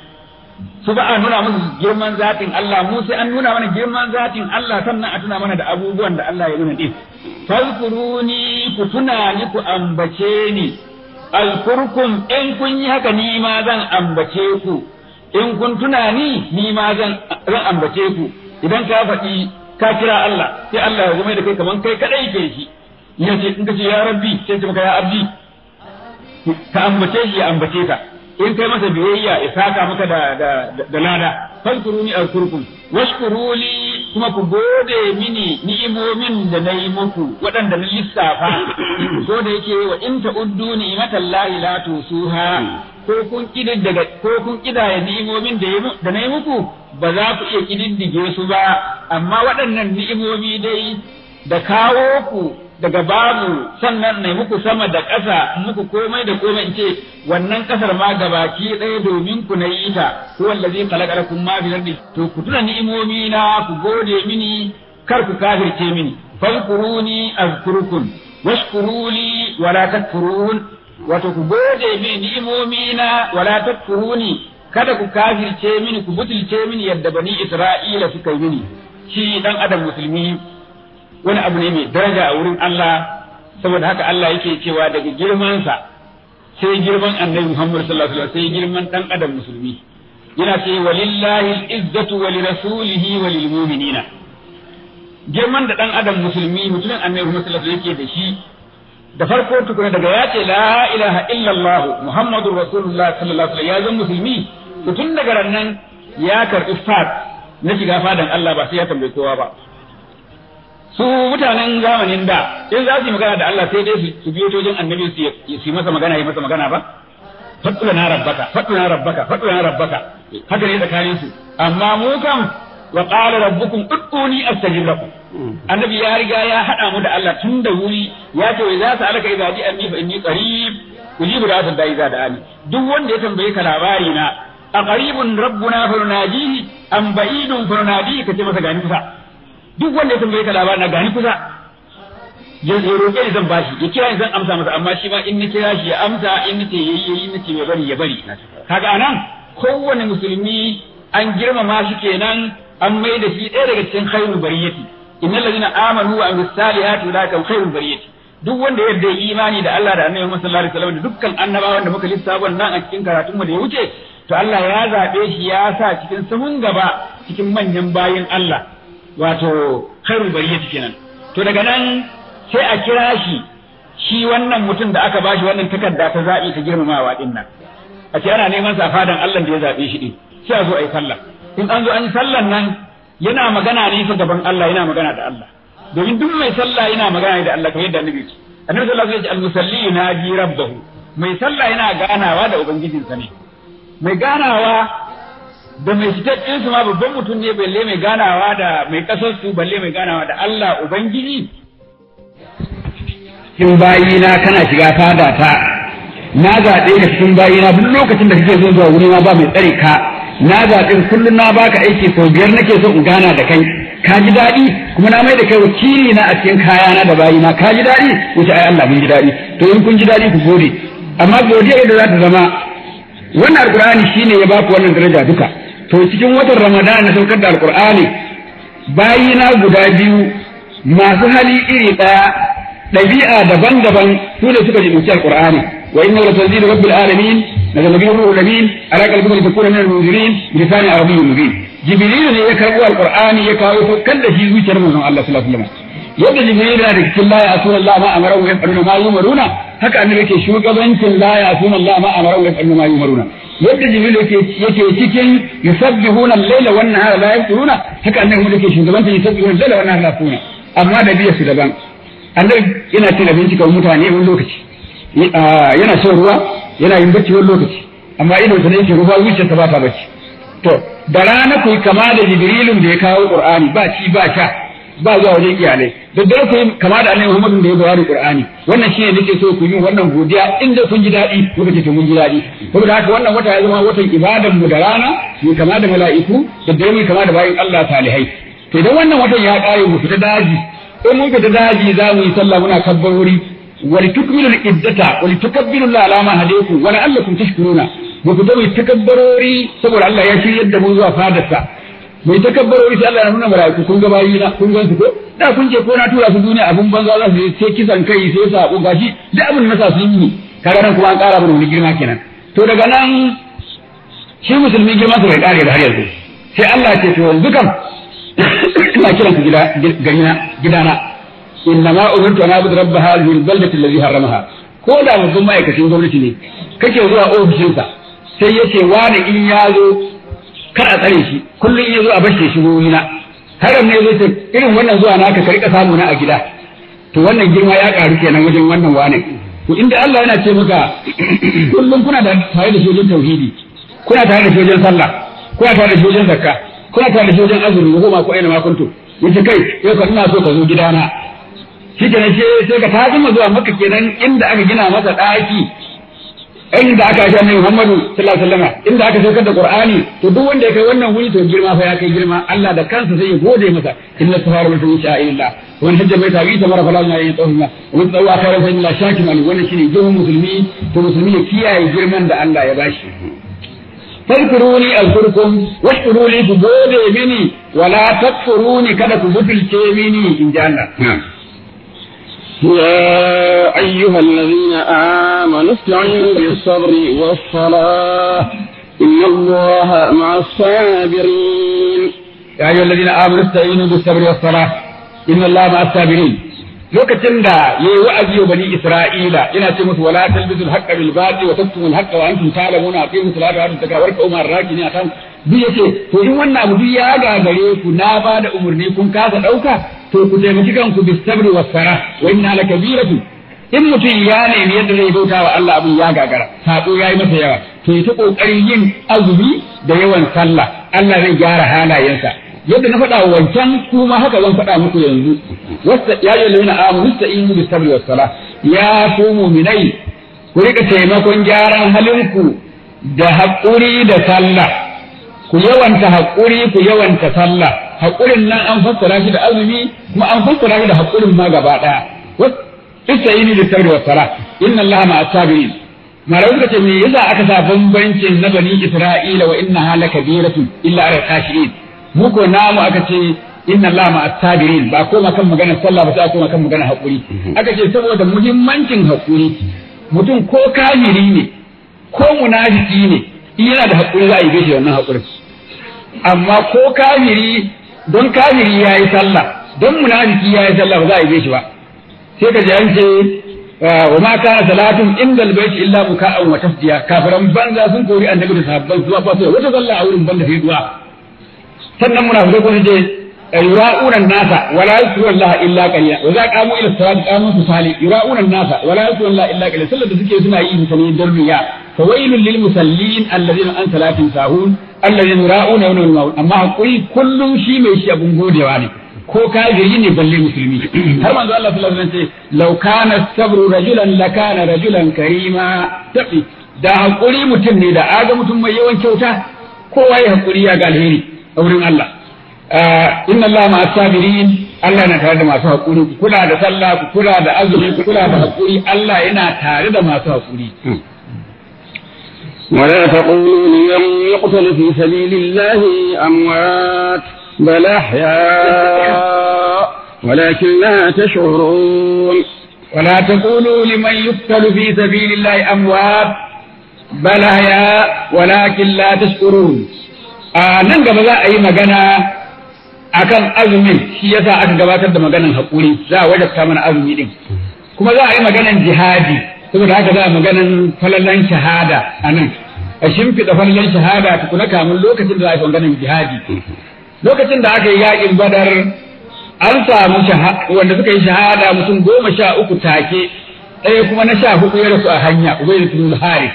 A: su ba a nuna musu girman zatin Allah mu sai an nuna mana girman zatin Allah sannan a tuna mana da abubuwan da Allah ya nuna din fazkuruni ku tuna ni ku ambace ni alkurkum in kun yi haka ni ma zan ambace ku in kun tuna ni ni ma zan ambace ku idan ka faɗi ka kira Allah sai Allah ya zama da kai kaman kai kadai ke shi yace in kace ya rabbi sai ya abdi ka ambace shi ya ambace ka in kai masa biyayya ya saka maka da da da lada fazkuruni azkurkum washkuruli kuma ku gode mini ni'imomin da na yi muku waɗanda na lissafa ko da yake wa in ta'uddu lahi la tusuha ko kun kididdiga ko kun kidaya ni'imomin da da na yi muku ba za ku iya kididdige su ba amma waɗannan ni'imomi dai da kawo ku daga babu sannan ne muku sama da ƙasa muku komai da komai in ce wannan ƙasar ma gabaki ɗaya domin ku na yi ta ko wanda zai kalakar kun ma fi zarɗi to ku tuna ni'imomi na ku gode mini kar ku kafirce mini Fankuruni, azkurkum washkuruli wala takfurun wato ku gode mini ni'imomi na wala takfuruni kada ku kafirce mini ku butulce mini yadda bani Isra'ila suka yi mini shi dan adam musulmi wani abu ne mai daraja a wurin Allah saboda haka Allah yake cewa daga girmansa sai girman annabi Muhammad sallallahu alaihi wasallam sai girman dan adam musulmi yana ce walillahi al-izzatu wa lirasulihi wa lilmu'minina girman da dan adam musulmi mutumin annabi Muhammad sallallahu alaihi wasallam yake da shi da farko tukuna daga ya ce la ilaha illallah muhammadur rasulullah sallallahu alaihi wasallam ya zama musulmi to tun daga nan ya karɓi fat na shiga fadan Allah ba sai ya tambaye kowa ba su mutanen zamanin da in za su yi magana da Allah sai dai su biyo tojin annabi su yi masa magana yi masa magana ba fadula na rabbaka fadula na rabbaka fadula na rabbaka haka ne tsakanin su amma mu kan wa qala rabbukum ud'uni astajib lakum mm. annabi ya riga ya hada mu da Allah tun da wuri ya ce za su alaka idza ji anni fa inni qarib ujibu da da ani duk wanda ya tambaye ka labari na a qaribun rabbuna fa nunajihi am ba'idun fa ka kace masa gani fa duk wanda ya tambaye ka labarin na gani kusa ya roƙe ni zan bashi ya kira ni zan amsa masa amma shi ma in na kira shi ya amsa in nace yayi yayi ce ya bari ya bari kaga anan kowane musulmi an girmama shi kenan an mai da shi ɗaya daga cikin khairul bariyati innal ladina amanu wa amilus salihati ulaika khairul bariyati duk wanda ya yarda imani da Allah da Annabi Muhammad sallallahu alaihi wasallam dukkan annabawan da muka lissafo nan a cikin karatun mu da ya wuce to Allah ya zabe shi ya sa cikin samun gaba cikin manyan bayin Allah wato kharu bariyat kenan to daga nan sai a kira shi shi wannan mutum da aka bashi wannan takarda ta za'i ta girmamawa din nan a ce ana neman sa fadan Allah da ya zabe shi din sai a zo a yi sallah in an zo an yi sallan nan yana magana ne fa gaban Allah yana magana da Allah domin duk mai sallah yana magana da Allah kamar yadda annabi ce annabi sallallahu alaihi wasallam al-musalli na bi rabbahu mai sallah yana ganawa da ubangijinsa ne mai ganawa da mai fitaccen su ma babban mutum ne balle mai ganawa da mai kasar su balle mai ganawa da Allah ubangiji cikin bayina kana shiga fada ta na zaɓe ka cikin bayina duk lokacin da kake zo zuwa wuri ma ba mai tsare ka na zaɓe kullum na baka aiki sau biyar nake so in gana da kai ka ji daɗi kuma na mai da kai wakili na a cikin kayana da bayina ka ji daɗi wuce ai Allah mun ji daɗi to in kun ji daɗi ku gode amma godiya yadda za ta zama wannan alkur'ani shine ya baku wannan daraja duka to cikin watan ramadan na saukar da alqur'ani bayina guda biyu masu hali iri daya ɗabi'a daban-daban su ne suka jibinci alqur'ani wa inna la tanzilu rabbil alamin daga nabi ruhul amin ala kalbi da kuna min al-munzirin lisan arabiyyin mubin jibril ne ya karbo alqur'ani ya kawo kan da shi zuciyar manzon Allah sallallahu alaihi wasallam yadda jibril yana da cikin la sunan Allah a amara wa yaf'aluna ma yumaruna haka annabi yake shugabancin la sunan Allah a amara wa yaf'aluna ma yumaruna yadda jibril yake yake cikin yusabbihuna al-laila wannan nahara la yafturuna haka annabi yake shugabancin yusabbihuna al-laila wannan nahara la amma da biya su daban annabi yana cin abinci kan mutane wani lokaci yana shan ruwa yana yin bacci wani lokaci amma idan sa ne yake ruwa ta ba ta bacci to da rana kai kama da jibrilun da ya kawo qur'ani ba ci ba sha ba zuwa wajen iyalai daddare ku yi kama da annabi Muhammadu da ya bayar Qur'ani wannan shine nake so ku yi wannan godiya inda kun ji daɗi kuka ce mun ji daɗi saboda haka wannan wata ya zama watan ibadan mu da rana mu kama da mala'iku daddare mu kama da bayin Allah salihai to idan wannan watan ya kare mu fita daji in mun fita daji za mu yi sallah muna kabbarori wali tukmilu al-izzata wali tukabbiru Allah ala ma hadaykum wa la'allakum tashkuruna mu fita mu takabbarori saboda Allah ya shiryar da mu zuwa fadarsa mai takabbaro sai Allah ya nuna mala'iku kun ga bayi na kun gansu ko da kun je ko na tura su duniya abun banza za su sai kisan kai sai sako gashi da abin na sa sun yi kaga nan kuma an ƙara mana wani girma kenan to daga nan shi musulmi girman su bai kare da har yanzu sai Allah ya ce to yanzu kam ina kiran ku gida gina gidana inna ma umirtu an abudu rabb hadhihi albaldati allati haramaha ko da babban ma'aikacin gwamnati ne kake zuwa ofishinsa sai yace wani in ya zo kar a tsare shi kullum ya zo a bashe shi wuri na haram ne zai ce irin wannan zuwa naka ka rika samu na a gida to wannan girma ya karu kenan wajen wannan wane to inda Allah yana ce maka kullum kuna da tare da shojin tauhidi kuna tare da shojin sallah kuna tare da shojin zakka kuna tare da shojin azumi ko ma ko aina ma kuntu yace kai yau ka ina so ka zo gidana shi kenan sai ka ta zama zuwa maka kenan inda aka gina masa daki inda aka aje annabi Muhammadu sallallahu alaihi wasallam inda aka saukar da Qur'ani to duk wanda ya kai wannan wuri to girma fa ya kai girma Allah da kansa sai ya gode masa inna safaru min insha Allah wani hajjar mai tabi ta mara falan ya yi tsohon wani tsawo a kare fa'in shakin mali wani shine ne girman musulmi to musulmi ya kiyaye girman da Allah ya bashi fadkuruni azkurkum washkuruni ku gode mini wala takfuruni kada ku butulce mini in ji Allah يا أيها الذين آمنوا استعينوا بالصبر والصلاة إن الله مع الصابرين يا أيها الذين آمنوا استعينوا بالصبر والصلاة إن الله مع الصابرين لوكتن دا يوأجي بني إسرائيل إنا تموت ولا تلبسوا الحق بالباطل وتكتموا الحق وأنتم تعلمون أعطيهم صلاة وعدم تكاوركم أمار راكين يا بيكي تو يوانا مدية أغا غريكو نابا دا أمرنيكم كاسا دوكا to ku taimaki kanku bi sabri was sara wa inna lakabiratu in mutum ya nemi yadda zai bauta wa Allah abin ya gagara sako ya yi masa yawa to ya ta kokarin yin azumi da yawan sallah Allah zai gyara halayensa yadda na faɗa wancan kuma haka zan faɗa muku yanzu wasta ya yi lamina amu bi sabri was sara ya ku mu'minai ku rika taimakon gyaran halinku da haƙuri da sallah ku yawanta haƙuri ku yawanta sallah haƙurin nan an fassara shi da azumi kuma an fassara shi da haƙurin ma gaba ɗaya yi istayini da sabri wa sala inna Allah ma allaha ma'a sabirin malamu kace me yasa aka sa bambancin na bani isra'ila wa inna hala kabiratu illa ala kashirin Muku ko namu aka ce inna Allah allaha ma'a sabirin ba koma kan magana sallah ba sa koma kan magana haƙuri aka ce saboda muhimmancin haƙuri mutum ko kafiri ne ko munafiki ne yana da haƙuri za a yi gaishe wannan haƙuri. amma ko kafiri don kafiri ya yi sallah don munafiki ya yi sallah ba za a yi shi ba sai ka ji an ce ah, wa ma kana salatun inda albayti illa buka'an wa tasdiya kafiran banza sun kori annabi da sahabban zuwa ba sai wata sallah a wurin banda sai zuwa. sannan munafikai ko ce yura'una nasa wala yasuru Allah illa qalila wa za qamu ila salati qamu tusali yura'una nasa wala yasuru Allah illa qalila sallar da suke suna yi mutane darbiya fa wailul lil musallin alladhina an salatin sahun Allah ya alladhi yura'una wa yurma'un amma hakuri kullum shi mai shi abun godewa ne ko kafiri ne balle musulmi har manzo Allah sallallahu alaihi wasallam ce law kana sabru rajulan lakana rajulan karima tabi da hakuri mutum ne da aga mutum mai yawan kyauta kowa ya hakuri ya ga alheri a wurin Allah ah, inna Allah ma sabirin Allah na tare da masu hakuri kula da sallah ku kula da azumi ku kula da hakuri Allah yana tare da masu hakuri hmm. ولا تقولوا لمن يقتل في سبيل الله أموات بل أحياء ولكن لا تشعرون ولا تقولوا لمن يقتل في سبيل الله أموات بل أحياء ولكن لا تشعرون أنا قبل ذا أي مجانا أكن أزمي هي ساعة أن قبل ذا مجانا هقولي ذا وجد كمان أزمي لي كما ذا أي مجانا جهادي saboda haka za maganan falalan shahada a nan a shimfiɗa falalan shahada tukuna kamun lokacin da za a yi jihadi lokacin da aka yi yaƙin badar an samu wanda suka yi shahada mutum goma sha uku take ɗaya kuma na sha hudu ya rasu a hanya ubai da tunu hari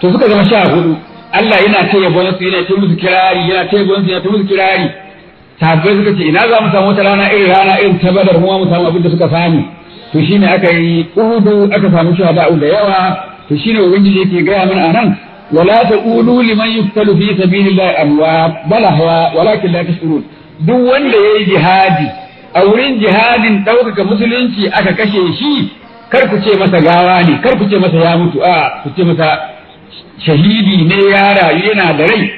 A: to suka zama sha hudu Allah yana ta yabon su yana ta musu kirari yana ta yabon su yana ta musu kirari sahabbai suka ce ina za mu samu wata rana irin rana irin ta badar kuma mu samu abin da suka sani to shine aka yi uhudu aka samu shuhada'u da yawa to shine ubangiji yake gaya mana anan wala taqulu liman yuqtalu fi sabilillahi amwat bal hawa, walakin la tashurun duk wanda yayi jihadi a wurin jihadin ɗaukaka musulunci aka kashe shi kar ku ce masa gawa ne kar ku ce masa ya mutu a ku ce masa shahidi ne ya rayu yana da rai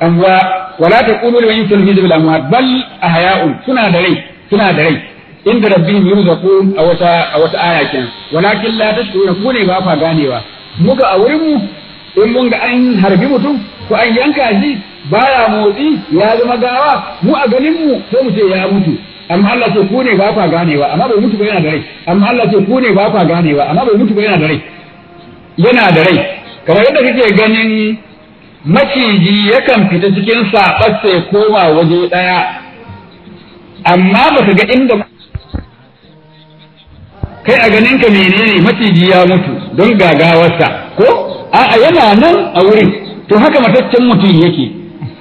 A: amma wala taqulu liman yuqtalu fi sabilillahi amwat bal ahya'un suna da rai suna da rai inda rabbihim yurzaqun a wata a wata aya kenan walakin la tashkuruna ku ne ba fa ganewa muka a wurin mu in mun ga an harbi mutum ko an yanka shi baya motsi ya zama gawa mu a ganin mu sai mu ce ya mutu amma Allah ce ku ne ba fa ganewa amma bai mutu ba yana da rai amma Allah ce ku ne ba fa ganewa amma bai mutu ba yana da rai yana da rai kamar yadda kake ganin maciji yakan fita cikin saɓar sai koma waje ɗaya amma baka ga inda kai a ganinka menene maciji ya mutu don gagawarsa ko a'a yana nan a wurin to haka mataccen mutum yake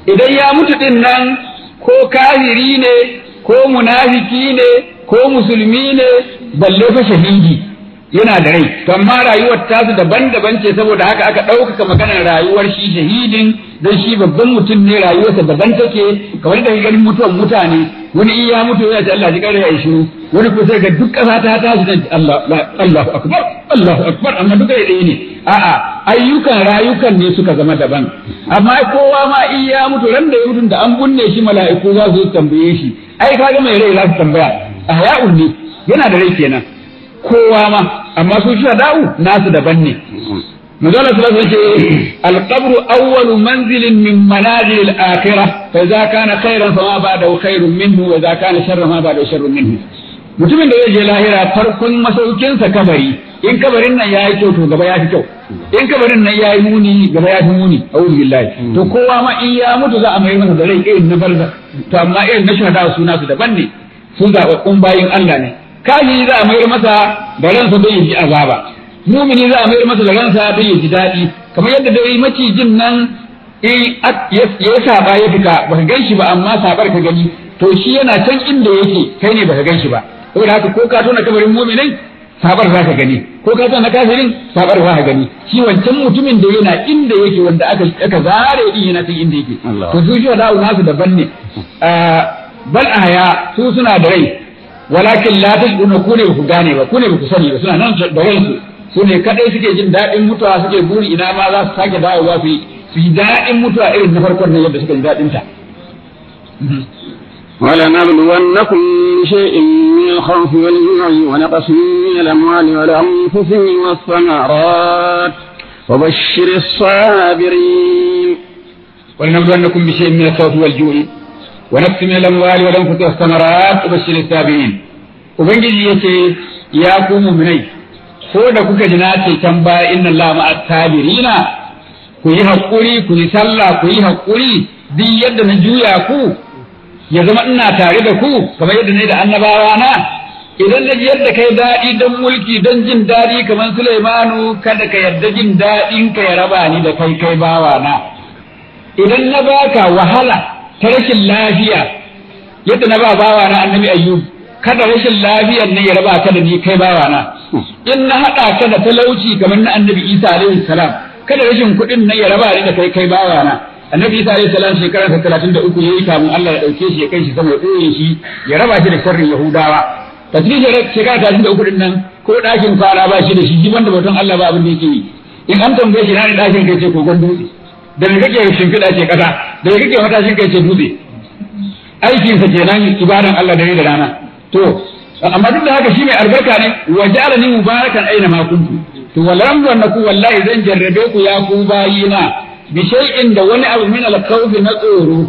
A: idan ya mutu din nan ko Kahiri ne ko munafiki ne ko musulmi ne balle fa shahidi yana da rai to amma rayuwar tasu daban-daban ce saboda haka aka ɗaukaka maganar rayuwar shi shahidin dan shi babban mutum ne rayuwarsa daban take kamar da ganin mutuwan mutane wani iya mutu yana ta Allah ji kare ya shiru wani kusa sai ga duk kasa ta tashi nan Allah Allahu akbar Allahu akbar amma duka ya dai ne a'a ayyukan rayukan ne suka zama daban amma kowa ma iya mutu ran da ya da an gunne shi mala'iku za su tambaye shi ai kaga mai rai za su tambaya ahya'un ne yana da rai kenan kowa ma amma su da'u nasu daban ne مدولة ثلاثة شيء القبر أول منزل من منازل الآخرة فإذا كان خيرا فما بعده خير منه وإذا كان شرا ما بعده شر منه mutumin da zai je lahira farkon masaukinsa kabari in kabarin nan ya yi kyau to gaba ya fi kyau in kabarin nan ya yi muni gaba ya fi muni a billahi to kowa ma in ya mutu za a mai masa da rai irin na barza to amma irin na shahada suna su daban ne sun zaɓaɓɓun bayin Allah ne kaji za a mayar masa da ransa don ya ji azaba mumini za a mayar masa da ransa don ya ji daɗi kamar yadda dai macijin nan eh, ya saba ya fita ba ka gan shi ba amma sabar ka gani to shi yana can inda yake kai ne ba ka gan shi ba saboda haka ko ka tona kabarin muminin sabar za ka gani ko ka tona kafirin sabar za ka gani shi wancan mutumin da yana inda yake wanda aka aka zare din yana can inda yake to su shi da'u nasu daban ne ah, bal aya su suna da rai walakin la na ku ne ku gane ba ku ne sani ba suna nan da rai. su ne kadai suke jin daɗin mutuwa suke buri ina ma za su sake dawowa su yi daɗin mutuwa irin na farkon nan yadda suka ji daɗin ta ولنبلونكم بشيء من الخوف والجوع ونقص من الأموال والأنفس والثمرات وبشر الصابرين ولنبلونكم بشيء من الخوف والجوع ونقص من الأموال والأنفس والثمرات وبشر الصابرين وبنجي يا قوم منيح ko da kuka ji na ce can baya inna Allah ma'at sabirina ku yi hakuri ku yi sallah ku yi hakuri duk yadda na juya ku ya zama ina tare da ku kamar yadda ne da annabawa na idan na ji yadda kai daɗi dan mulki don jin daɗi kamar Sulaimanu kada ka yarda jin daɗin ka ya raba ni da kai kai bawa na idan na baka wahala ta rashin lafiya yadda na ba bawa na annabi ayyub kada rashin lafiyar ne ya raba ka da ni kai bawa na in na haɗa ka da talauci kamar na annabi isa alaihi salam kada rashin kuɗin na ya raba ni da kai kai bawa na annabi isa alaihi salam shekarar talatin da uku yayi kamun Allah ya ɗauke shi ya kai shi sama ya ɗoye shi ya raba shi da sharrin yahudawa tafi shekarar talatin da uku ɗin nan ko ɗakin kwana ba shi da shi jiban da bautan Allah ba abin da yake yi in an tambaye shi na ne ɗakin kai ce kogon dutse da ne kake shimfiɗa ce ƙasa da ne kake matashin kai ce dutse aikinsa kenan ibadan Allah dare da rana to amma duk da haka shi mai albarka ne wa ja'alani mubarakan aina ma kuntu to wal ramzannaku wallahi zan jarrabe ku ya ku bayina bi shay'in da wani abu min al khawfi na tsoro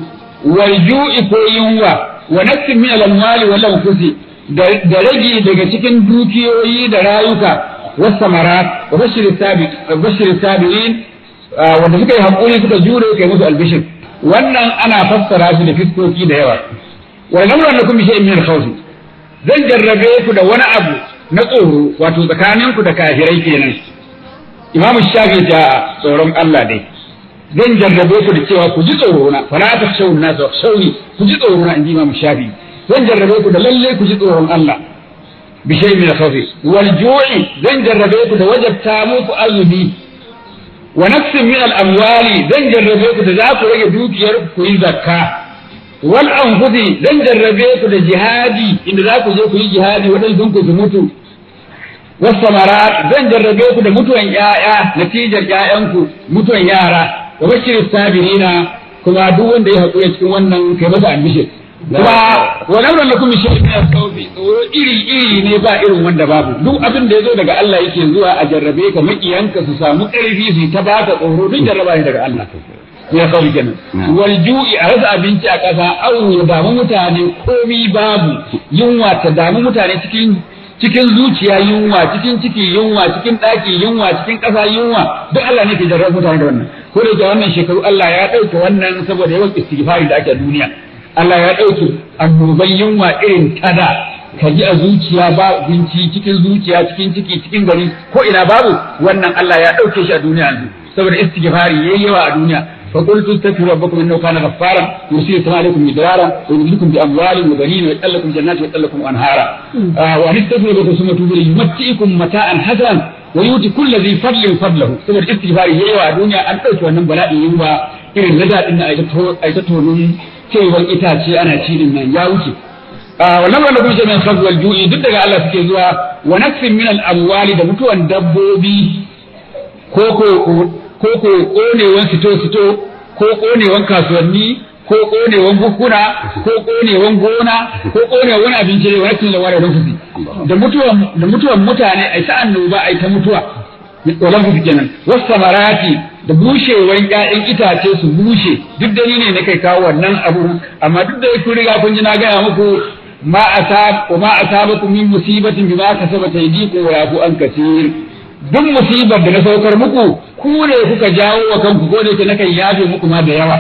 A: wal ju'i ko yunwa wa nafsin min al mali wal anfusi da rage daga cikin dukiyoyi da rayuka wasu samarat wa bashir wanda suka yi hakuri suka jure kai musu albishir wannan ana fassara shi da fiskoki da yawa wal na bi shay'in min al khawfi zan jarrabe ku da wani abu na tsoro wato tsakaninku da kafirai kenan imam shafi ta tsoron Allah dai zan jarrabe ku da cewa ku ji tsoro na fala ta shawun na sauri ku ji tsoro na inji imam shafi zan jarrabe ku da lalle ku ji tsoron Allah bi shay min khafi wal ju'i zan jarrabe ku da wajabta muku azumi wa nafsin min al amwali zan jarrabe ku da za ku rage dukiyar ku yi zakka wal anfusi dan jarrabe ku da jihadi inda za ku je ku yi jihadi waɗansu ku mutu. mutu wasamara zan jarrabe ku da mutuwan ƴaƴa natijar ƴaƴanku mutuwan yara wa bashirin sabirina kuma duk wanda ya haƙura cikin wannan kai masa ambishin kuma wa lamran lakum min iri iri ne ba irin wanda babu duk abin da yazo daga Allah yake zuwa a jarrabe ka makiyanka su samu ƙarfi su ta baka tsoro duk jarraba ne daga Allah ya kawo kenan wal ju'i a rasa abinci a ƙasa au ya damu mutane komi babu yunwa ta damu mutane cikin cikin zuciya yunwa cikin ciki yunwa cikin ɗaki yunwa cikin ƙasa yunwa duk Allah ne ke jarrar mutane da wannan ko da wannan shekaru Allah ya ɗauke wannan saboda yawan istighfari da ake duniya Allah ya ɗauke annoban yunwa irin tada ka ji a zuciya ba binci cikin zuciya cikin ciki cikin gari ko ina babu wannan Allah ya ɗauke shi a duniya yanzu saboda istighfari yayi yawa a duniya فقلت استغفروا ربكم انه كان غفارا يرسل السماء عليكم مدرارا ويمدكم باموال وبنين ويجعل لكم جنات ويجعل لكم انهارا آه وان استغفروا ربكم ثم توبوا اليه يمتعكم متاعا حسنا ويؤتي كل ذي فضل فضله ثم الاستغفار هي ودنيا ان تؤتي wannan bala'i yunwa irin na dadin na aikata tonin cewar itace ana ci din nan ya wuce wannan wanda kuma min fadl wal ju'i duk daga Allah suke zuwa wa nafsin min al amwali da mutuwan dabbobi ko ko ko ko konewan sito-sito ko konewan kasuwanni ko konewan bukuna ko konewan gona ko konewan abinci ne wani da don rufufi da mutuwan da mutuwan mutane ai ta annoba ai ta mutuwa wannan rufufi kenan wasu samarati da bushewar ƴaƴan itace su bushe duk da ni ne na kai kawo wannan abu amma duk da ya ku riga kun ji na gaya muku ma asab wa ma asabakum min musibatin bima yi aydikum wa yafu an kasir duk musibar da na saukar muku ku kuka jawo wa kanku ko ne na kan yafe muku ma da yawa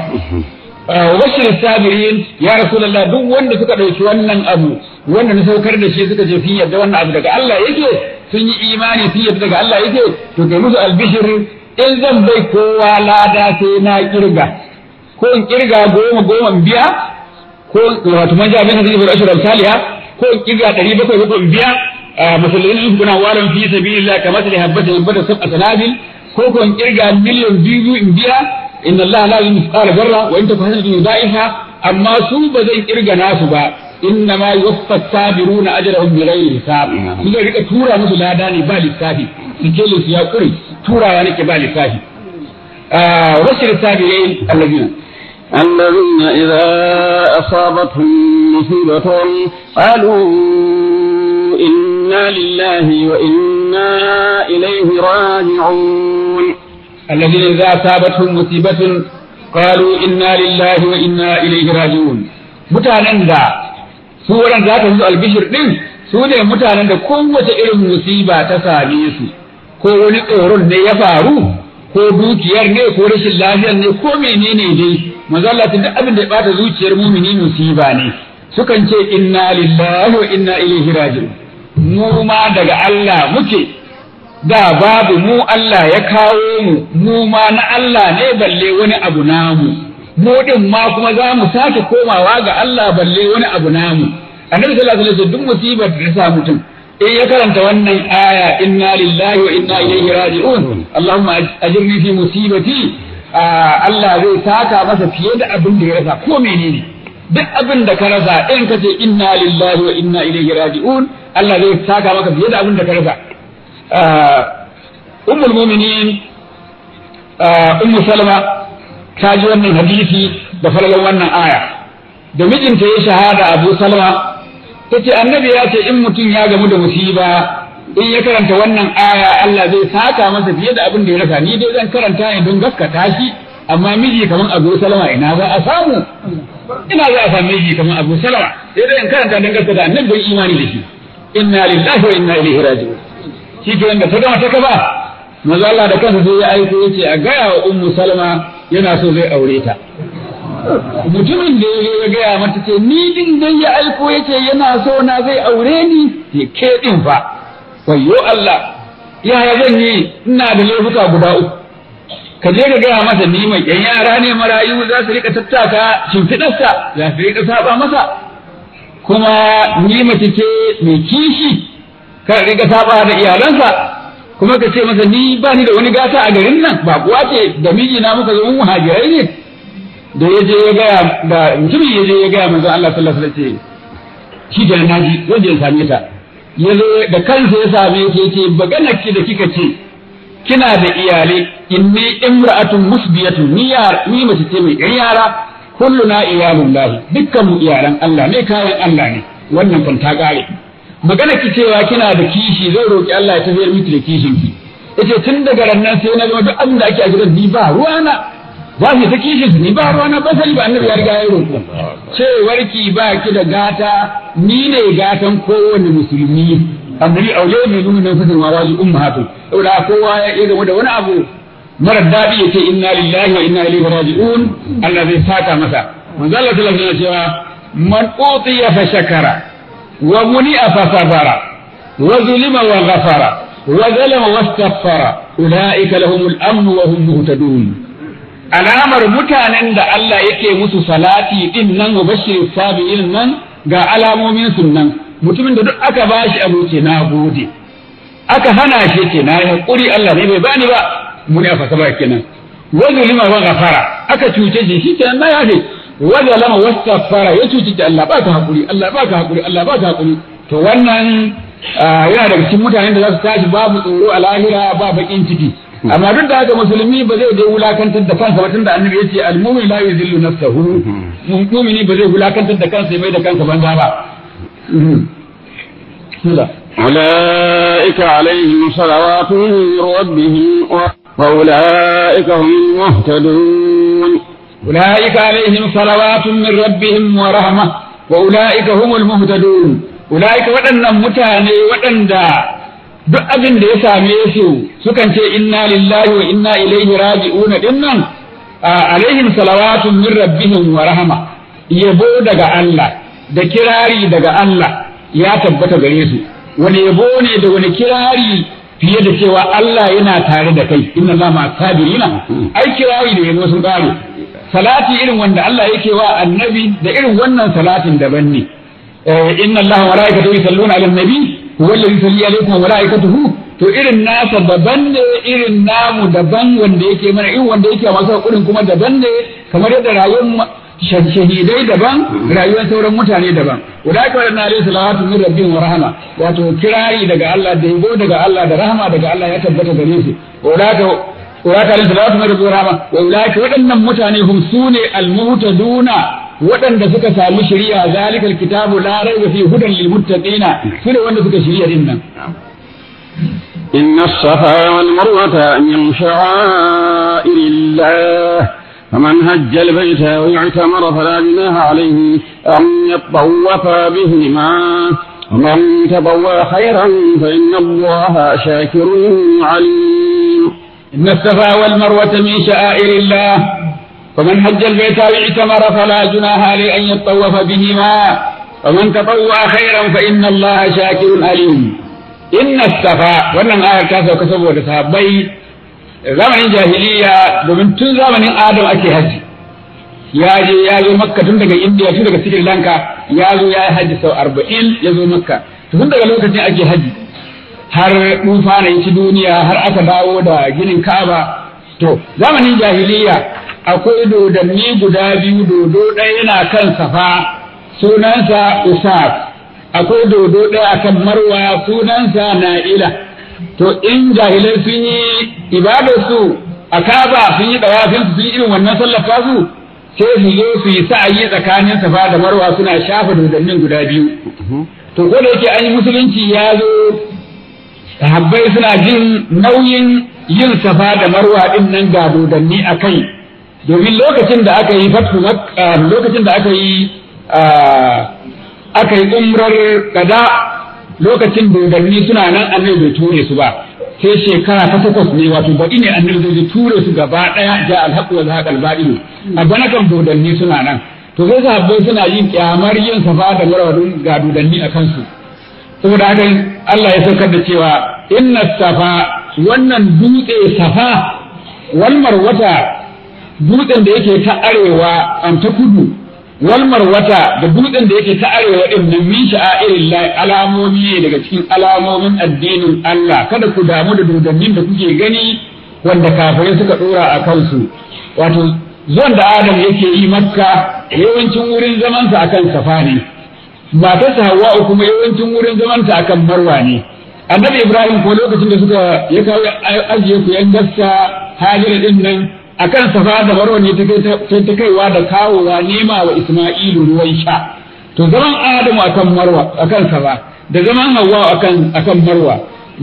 A: uh, washir sabirin ya lalla duk wanda suka ɗauki wannan abu wanda na saukar da shi suka je fi yadda wannan abu daga Allah yake sun yi imani fi yadda daga Allah yake to kai musu albishirin, in zan bai kowa lada sai na kirga ko in kirga goma goma biya ko wato man ja bin zai bar ashra ko in kirga ɗari bakwai in biya مثل ان انت نوال في سبيل الله كمثل هبه من بدر سبع سنابل كوكو ارجع مليون جيجو ان بيها ان الله لا يمثقال ذره وان تكون يضائها اما سوء بدر ارجع ناس انما يوفى الصابرون اجرهم بغير حساب كل نعم. ريك تورا مثل لا داني بالي صاحي سجلس يا قري تورا وانك يعني بالي صاحي آه، رسل الصابرين الذين الذين إذا أصابتهم مصيبة قالوا إنا لله وإنا إليه راجعون الذين إذا أصابتهم مصيبة قالوا إنا لله وإنا إليه راجعون mutanen da su waɗanda za ta zo albishir ɗin su ne mutanen da kowace irin musiba ta same su ko wani tsoron ne ya faru ko dukiyar ne ko rashin lafiyar ne ko menene dai mazallatin duk abin da ya bata zuciyar mumini musiba ne sukan ce inna lillahi wa inna ilaihi raji'un mu ma daga Allah muke da babu mu Allah ya kawo mu mu ma na Allah ne balle wani abu namu mu din ma kuma za mu sake komawa ga Allah balle wani abu namu annabi sallallahu alaihi wasallam duk musibar da ta mutum in ya karanta wannan aya inna lillahi wa inna ilaihi raji'un allahumma ajirni fi musibati ah, Allah zai saka masa fiye da abin da ya rasa ko menene duk abin da ka rasa in ka ce inna lillahi wa inna ilaihi raji'un Allah zai saka maka fiye da abin da ka rasa ah, ummul mu'minin ah, ummu salama ta ji wannan hadisi da farkon wannan aya da mijinta ya shahada abu salama ta ce annabi ya ce in mutum ya gamu da musiba in ya karanta wannan aya Allah zai saka masa fiye da abin da ya rasa ni dai zan karanta ne don gaskata shi amma miji kaman Abu Salama ina za a samu ina za a samu miji kaman Abu Salama sai dai in karanta dan da annabi bai imani da shi inna lillahi wa inna ilaihi raji'un shi ke wanda ta gama ta kaba manzo Allah da kansa sai ya aiko yace a gaya wa ummu Salama yana so zai aure ta mutumin da ya gaya mata ce ni din dai ya aiko yace yana so na zai aure ni ke ke din fa wayo Allah ya zan yi ina da laifuka guda uku ka je ka gaya masa ni mai ƴan yara ne marayu za su rika tattaka shimfiɗarsa za su rika saba masa kuma ni mace ce mai kishi ka rika saba da iyalansa kuma ka ce masa ni ba ni da wani gata a garin nan ba kuwa ce da mijina muka zo muhajirai ne da ya je ya gaya da mutum ya je ya gaya manzo Allah sallallahu alaihi wasallam shi da naji wanda ya ta ya da kansa ya same ki ya ce ki da kika ce kina da iyale inni imra'atun musbiyatu ni ni mace ce mai yara kulluna iyalu lahi dukkan mu iyalan Allah ne kayan Allah ne wannan kun ta kare magana ki cewa kina da kishi zai roki Allah ya tafiyar miki da kishin ki yace tun daga rannan sai na ga duk abin da ake a gidan ni ba ruwana ba ni da kishi ni ba ruwana ba sai ba annabi ya riga ya roƙo ce warki ba ki da gata ni ne gatan kowanne musulmi amuri aure mai nuna nan fitin waraji ummahatu saboda kowa ya gamu da wani abu mara daɗi ya ce inna lillahi wa inna ilaihi raji'un Allah zai saka masa manzo Allah sallallahu alaihi wasallam cewa man utiya fa shakara wa muni'a fa sabara wa zulima wa ghafara wa zalama wa istaghfara ulaika lahumul amn wa hum muhtadun alamar mutanen da Allah yake musu salati din nan wa bashirin sabiin nan ga alamomin sunnan mutumin da duk aka bashi abu ce na gode aka hana shi ce na hakuri Allah ne bai bani ba muni a fasaba kenan wani lima ba gafara aka cuce shi shi kenan na yafe wa zalama fara ya cuce ta Allah ba ka hakuri Allah ba ka hakuri Allah ba ka hakuri to wannan yana daga cikin mutanen da za su tashi babu tsoro a lahira ba bakin ciki amma duk da haka musulmi ba zai dai wulakantar da kansa batun da annabi ce, al-mu'min la yuzillu nafsahu mm-hmm. mu'mini ba zai wulakantar da kansa mai da kansa banza ba أولئك عليهم صلوات من ربهم وأولئك هم المهتدون أولئك عليهم صلوات من ربهم ورحمة وأولئك هم المهتدون أولئك وأن متاني وأن duk abin da ya same su sukan ce inna lillahi wa inna ilaihi raji'una dinnan alaihim salawatun min rabbihim wa rahma yabo daga Allah da kirari daga Allah ya tabbata gare su wani yabo ne da wani kirari fiye da cewa Allah yana tare da kai inna Allah ma sabirina ai kirari da yabo sun kare salati irin wanda Allah yake wa annabi da irin wannan salatin daban ne eh, inna Allah wa malaikatahu yusalluna ala nabi huwa alladhi yusalli alaykum wa malaikatuhu to irin nasa daban ne irin namu daban wanda yake mana irin wanda yake masa kurin kuma daban ne kamar yadda rayuwar shahidai daban rayuwar sauran mutane daban ulaika wadanna alayhi salatu min rabbihim wa rahma wato kirari daga Allah da yabo daga Allah da rahama daga Allah ya tabbata gare su ulaika ulaika alayhi salatu min rabbihim wa rahma wa ulaika wadannan mutane hum sune almuhtaduna waɗanda suka sami shari'a zalikal kitabu la raiba fi hudan lil muttaqina sune wanda suka shari'a din nan إن الصفا والمروة من شعائر الله فمن هج البيت واعتمر فلا جناح عليه أن يطوف بهما ومن تطوى خيرا فإن الله شاكر عليم إن الصفا والمروة من شعائر الله فمن هج البيت واعتمر فلا جناح عليه أن يطوف بهما ومن تطوع خيرا فإن الله شاكر عليم إن الصفا ولم آية كاسة وكسبوا لصحابي zamanin jahiliya domin tun zamanin adam ake haji ya je ya zo makka tun daga indiya tun daga sri lanka ya zo ya yi haji sau arba'in ya zo makka tun daga lokacin ake haji har tufa na ci duniya har aka dawo da ginin kaba to zamanin jahiliya akwai dodanni guda biyu dodo ɗaya yana kan safa sunansa usaf akwai dodo ɗaya akan marwa sunansa na'ila to in jahilai sun yi ibadarsu a kaba sun yi su sun yi irin wannan sallafa su sai su zo su yi sa'ayi tsakanin safa da marwa suna shafa dodannin guda biyu to ko da yake an yi musulunci ya zo sahabbai suna jin nauyin yin safa da marwa din nan ga dodanni a kai domin lokacin da aka yi fatu lokacin da aka yi ah, aka yi umrar kada lokacin dodanni suna nan annabi bai ture su ba sai shekara ta takwas ne wato baɗi ne annabi zai ture su gaba ɗaya ja alhaqu wa zahaqal ne. a bana kan dodanni suna nan to sai sahabbai suna yin kyamar yin safa da marwa ga dodanni a kansu saboda haka Allah ya saukar da cewa inna safa wannan dutse safa wal marwata dutsen da yake ta arewa an ta kudu walmar wata da dutsen da yake ta arewa din nan irin sha'irin alamomi ne daga cikin alamomin addinin Allah kada ku damu da dodannin da kuke gani wanda kafirai suka dora a kansu wato zuwan da Adam yake yi Makka yawancin wurin zamansa akan Safa ne matarsa Hawwa kuma yawancin wurin zamanta akan Marwa ne Annabi Ibrahim ko lokacin da suka ya kawo ajiye ku yan gasta Hajira din nan akan safa da marwa ne ta ta kaiwa da kawowa nema wa Isma'ilu ruwan sha to zaman Adamu akan marwa akan safa da zaman Hawwa akan akan marwa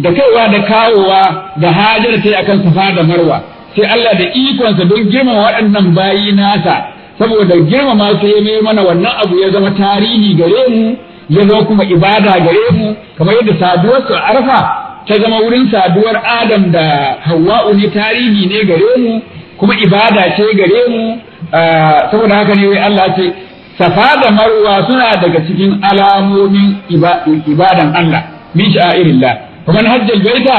A: da kaiwa da kawowa da hajar sai akan safa da marwa sai Allah da ikonsa don girmama waɗannan bayi nasa saboda girmama sai ya mai mana wannan abu ya zama tarihi gare mu ya zama kuma ibada gare mu kamar yadda saduwar su arfa ta zama wurin saduwar Adam da Hawwa ne tarihi ne gare mu kuma ibada ce gare mu saboda haka ne wai Allah ce safa da marwa suna daga cikin alamomin ibadan Allah min sha'irillah kuma hajjal baita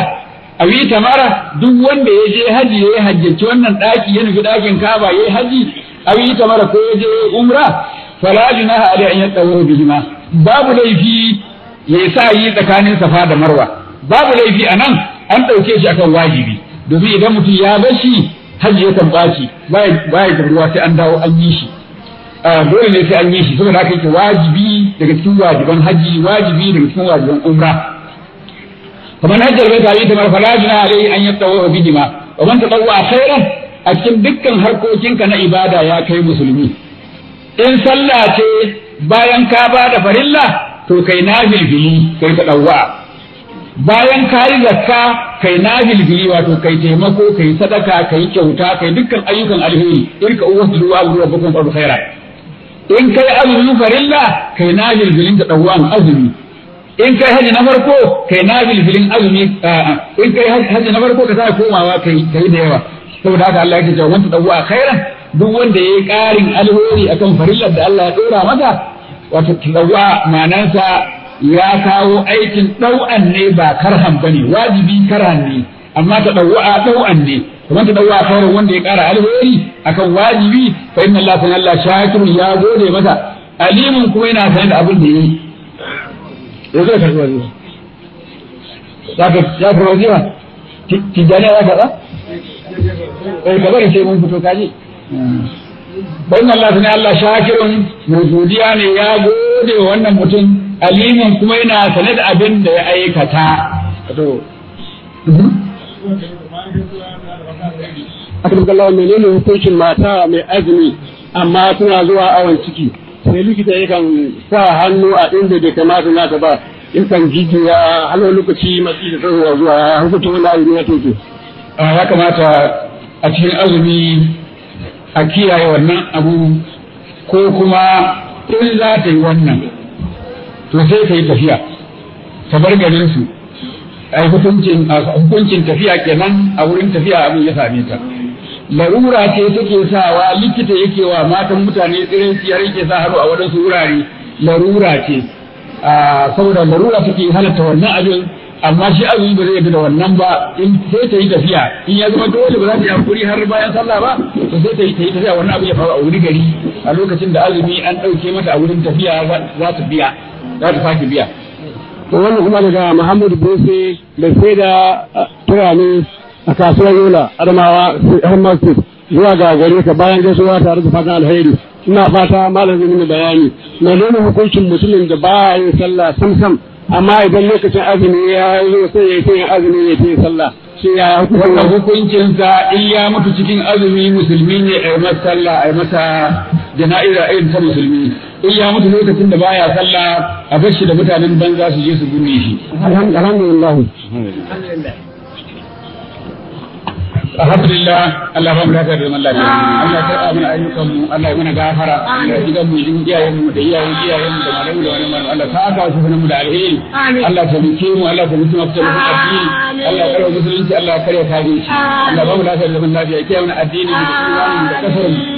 A: awi tamara duk wanda ya je haji ya hajjaci wannan daki ya nufi dakin Kaaba ya haji awi tamara ko ya je umra fala junaha an yatawaru bihima babu laifi ya sa yi tsakanin safa da marwa babu laifi anan an dauke shi akan wajibi domin idan mutum ya bar shi hajji ya tambaci, baya da ruwa sai an dawo an yi shi ah, dole ne sai an yi shi saboda haka yake wajibi daga cikin wajiban hajji wajibi daga cikin wajiban umra kamar hajjar yi ta kamar farajina alai an yattawa bidima wa man tatawwa khairan a cikin dukkan harkokinka na ibada ya kai musulmi in sallah ce bayan ka ba da farilla to kai na bilbili kai ka ɗauwa. bayan ka yi zakka kai nafilfili wato kai taimako kai sadaka kai kyauta kai dukkan ayyukan alheri in ka uwa su ruwa ruwa bakon faru khaira in kai azumin farilla kai nafilfilin da ɗauwan azumi in kai haji na farko kai nafilfilin azumi in kai haji na farko ka sa komawa kai kai da yawa saboda haka Allah yake cewa wanda ɗauwa khairan duk wanda yayi ƙarin alheri akan farillar da Allah ya ɗora mata wato ɗauwa ma'anansa ya kawo aikin ɗau'an ne ba karhan ba ne wajibi karhan ne amma ta ɗau'a ɗau'an ne kuma ta ɗau'a sauran wanda ya ƙara alheri akan wajibi fa inna Allah san Allah shakirun ya gode masa alimun kuma yana sanin da abin da yi ya zo karɓi wani ya karɓi wani ba tijjani ya karɓa bai eh, kabar sai mun fito kaji bayan Allah sun Allah shakirun mai godiya ne ya gode wannan mutum alimin kuma yana sane da abin da ya aikata to mhm. akan kallawa menene hukuncin mata mai azumi amma suna zuwa awon ciki sai likita yakan sa hannu a inda bai kamata ta ba jiji ya halo lokaci masu da tsarowa zuwa hukuncin wani azumi ya toke ya kamata a cikin azumi a kiyaye wannan abu ko kuma in za ta yi wannan to sai ta yi tafiya ta bar garin su a hukuncin tafiya kenan a wurin tafiya abin ya same ta larura ce take sawa likita yake wa matan mutane tsirin siyar yake sa haru a waɗansu wurare larura ce saboda larura take halatta wannan abin amma shi azumi ba zai da wannan ba in sai ta yi tafiya in ya zama dole ba za ta yi hakuri har bayan sallah ba to sai ta yi tafiya wannan abin ya faru a wuri gari a lokacin da azumi an ɗauke mata a wurin tafiya za ta biya za ta sake biya to wannan kuma daga Muhammadu Bose da sai da turane a kasuwar Yola Adamawa Ahmad zuwa ga gari ka bayan gaisuwa tare da fatan alheri ina fata malam zai bayani bayani nuna hukuncin musulmin da ba yin sallah sam sam amma idan lokacin azumi ya zo sai ya yi azumi ya yi sallah shi ya hukuncin sa in ya mutu cikin azumi musulmi ne a a yi masa jana'ira irin ta musulmi in ya mutu lokacin da baya sallah a bashi da mutanen banza su je su binne shi alhamdulillah alhamdulillah Allah ba mu da da zaman lafiya Allah ya karɓa mana ayyukan Allah ya mana gafara Allah ya mu jin iyayen mu da iyayen iyayen mu da malamu da malamu Allah ta aka su mu da alheri Allah ta muke mu Allah ta muke mu addini Allah ya karɓa musulunci Allah ya karɓa tarihi Allah ba mu da da zaman ya kiyaye mana addini da imanin da kasar mu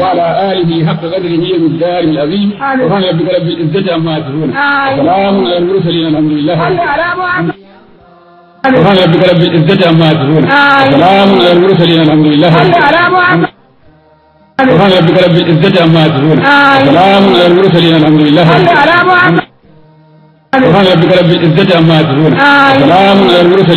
A: وعلى آله حق قدره من الدار العظيم سبحان ربك رب العزة عما يصفون وسلام على المرسلين الحمد لله سبحان ربك رب العزة عما يصفون وسلام على المرسلين الحمد لله سبحان ربك رب العزة عما يصفون وسلام على المرسلين الحمد لله سبحان
B: ربك رب العزة عما يصفون وسلام على المرسلين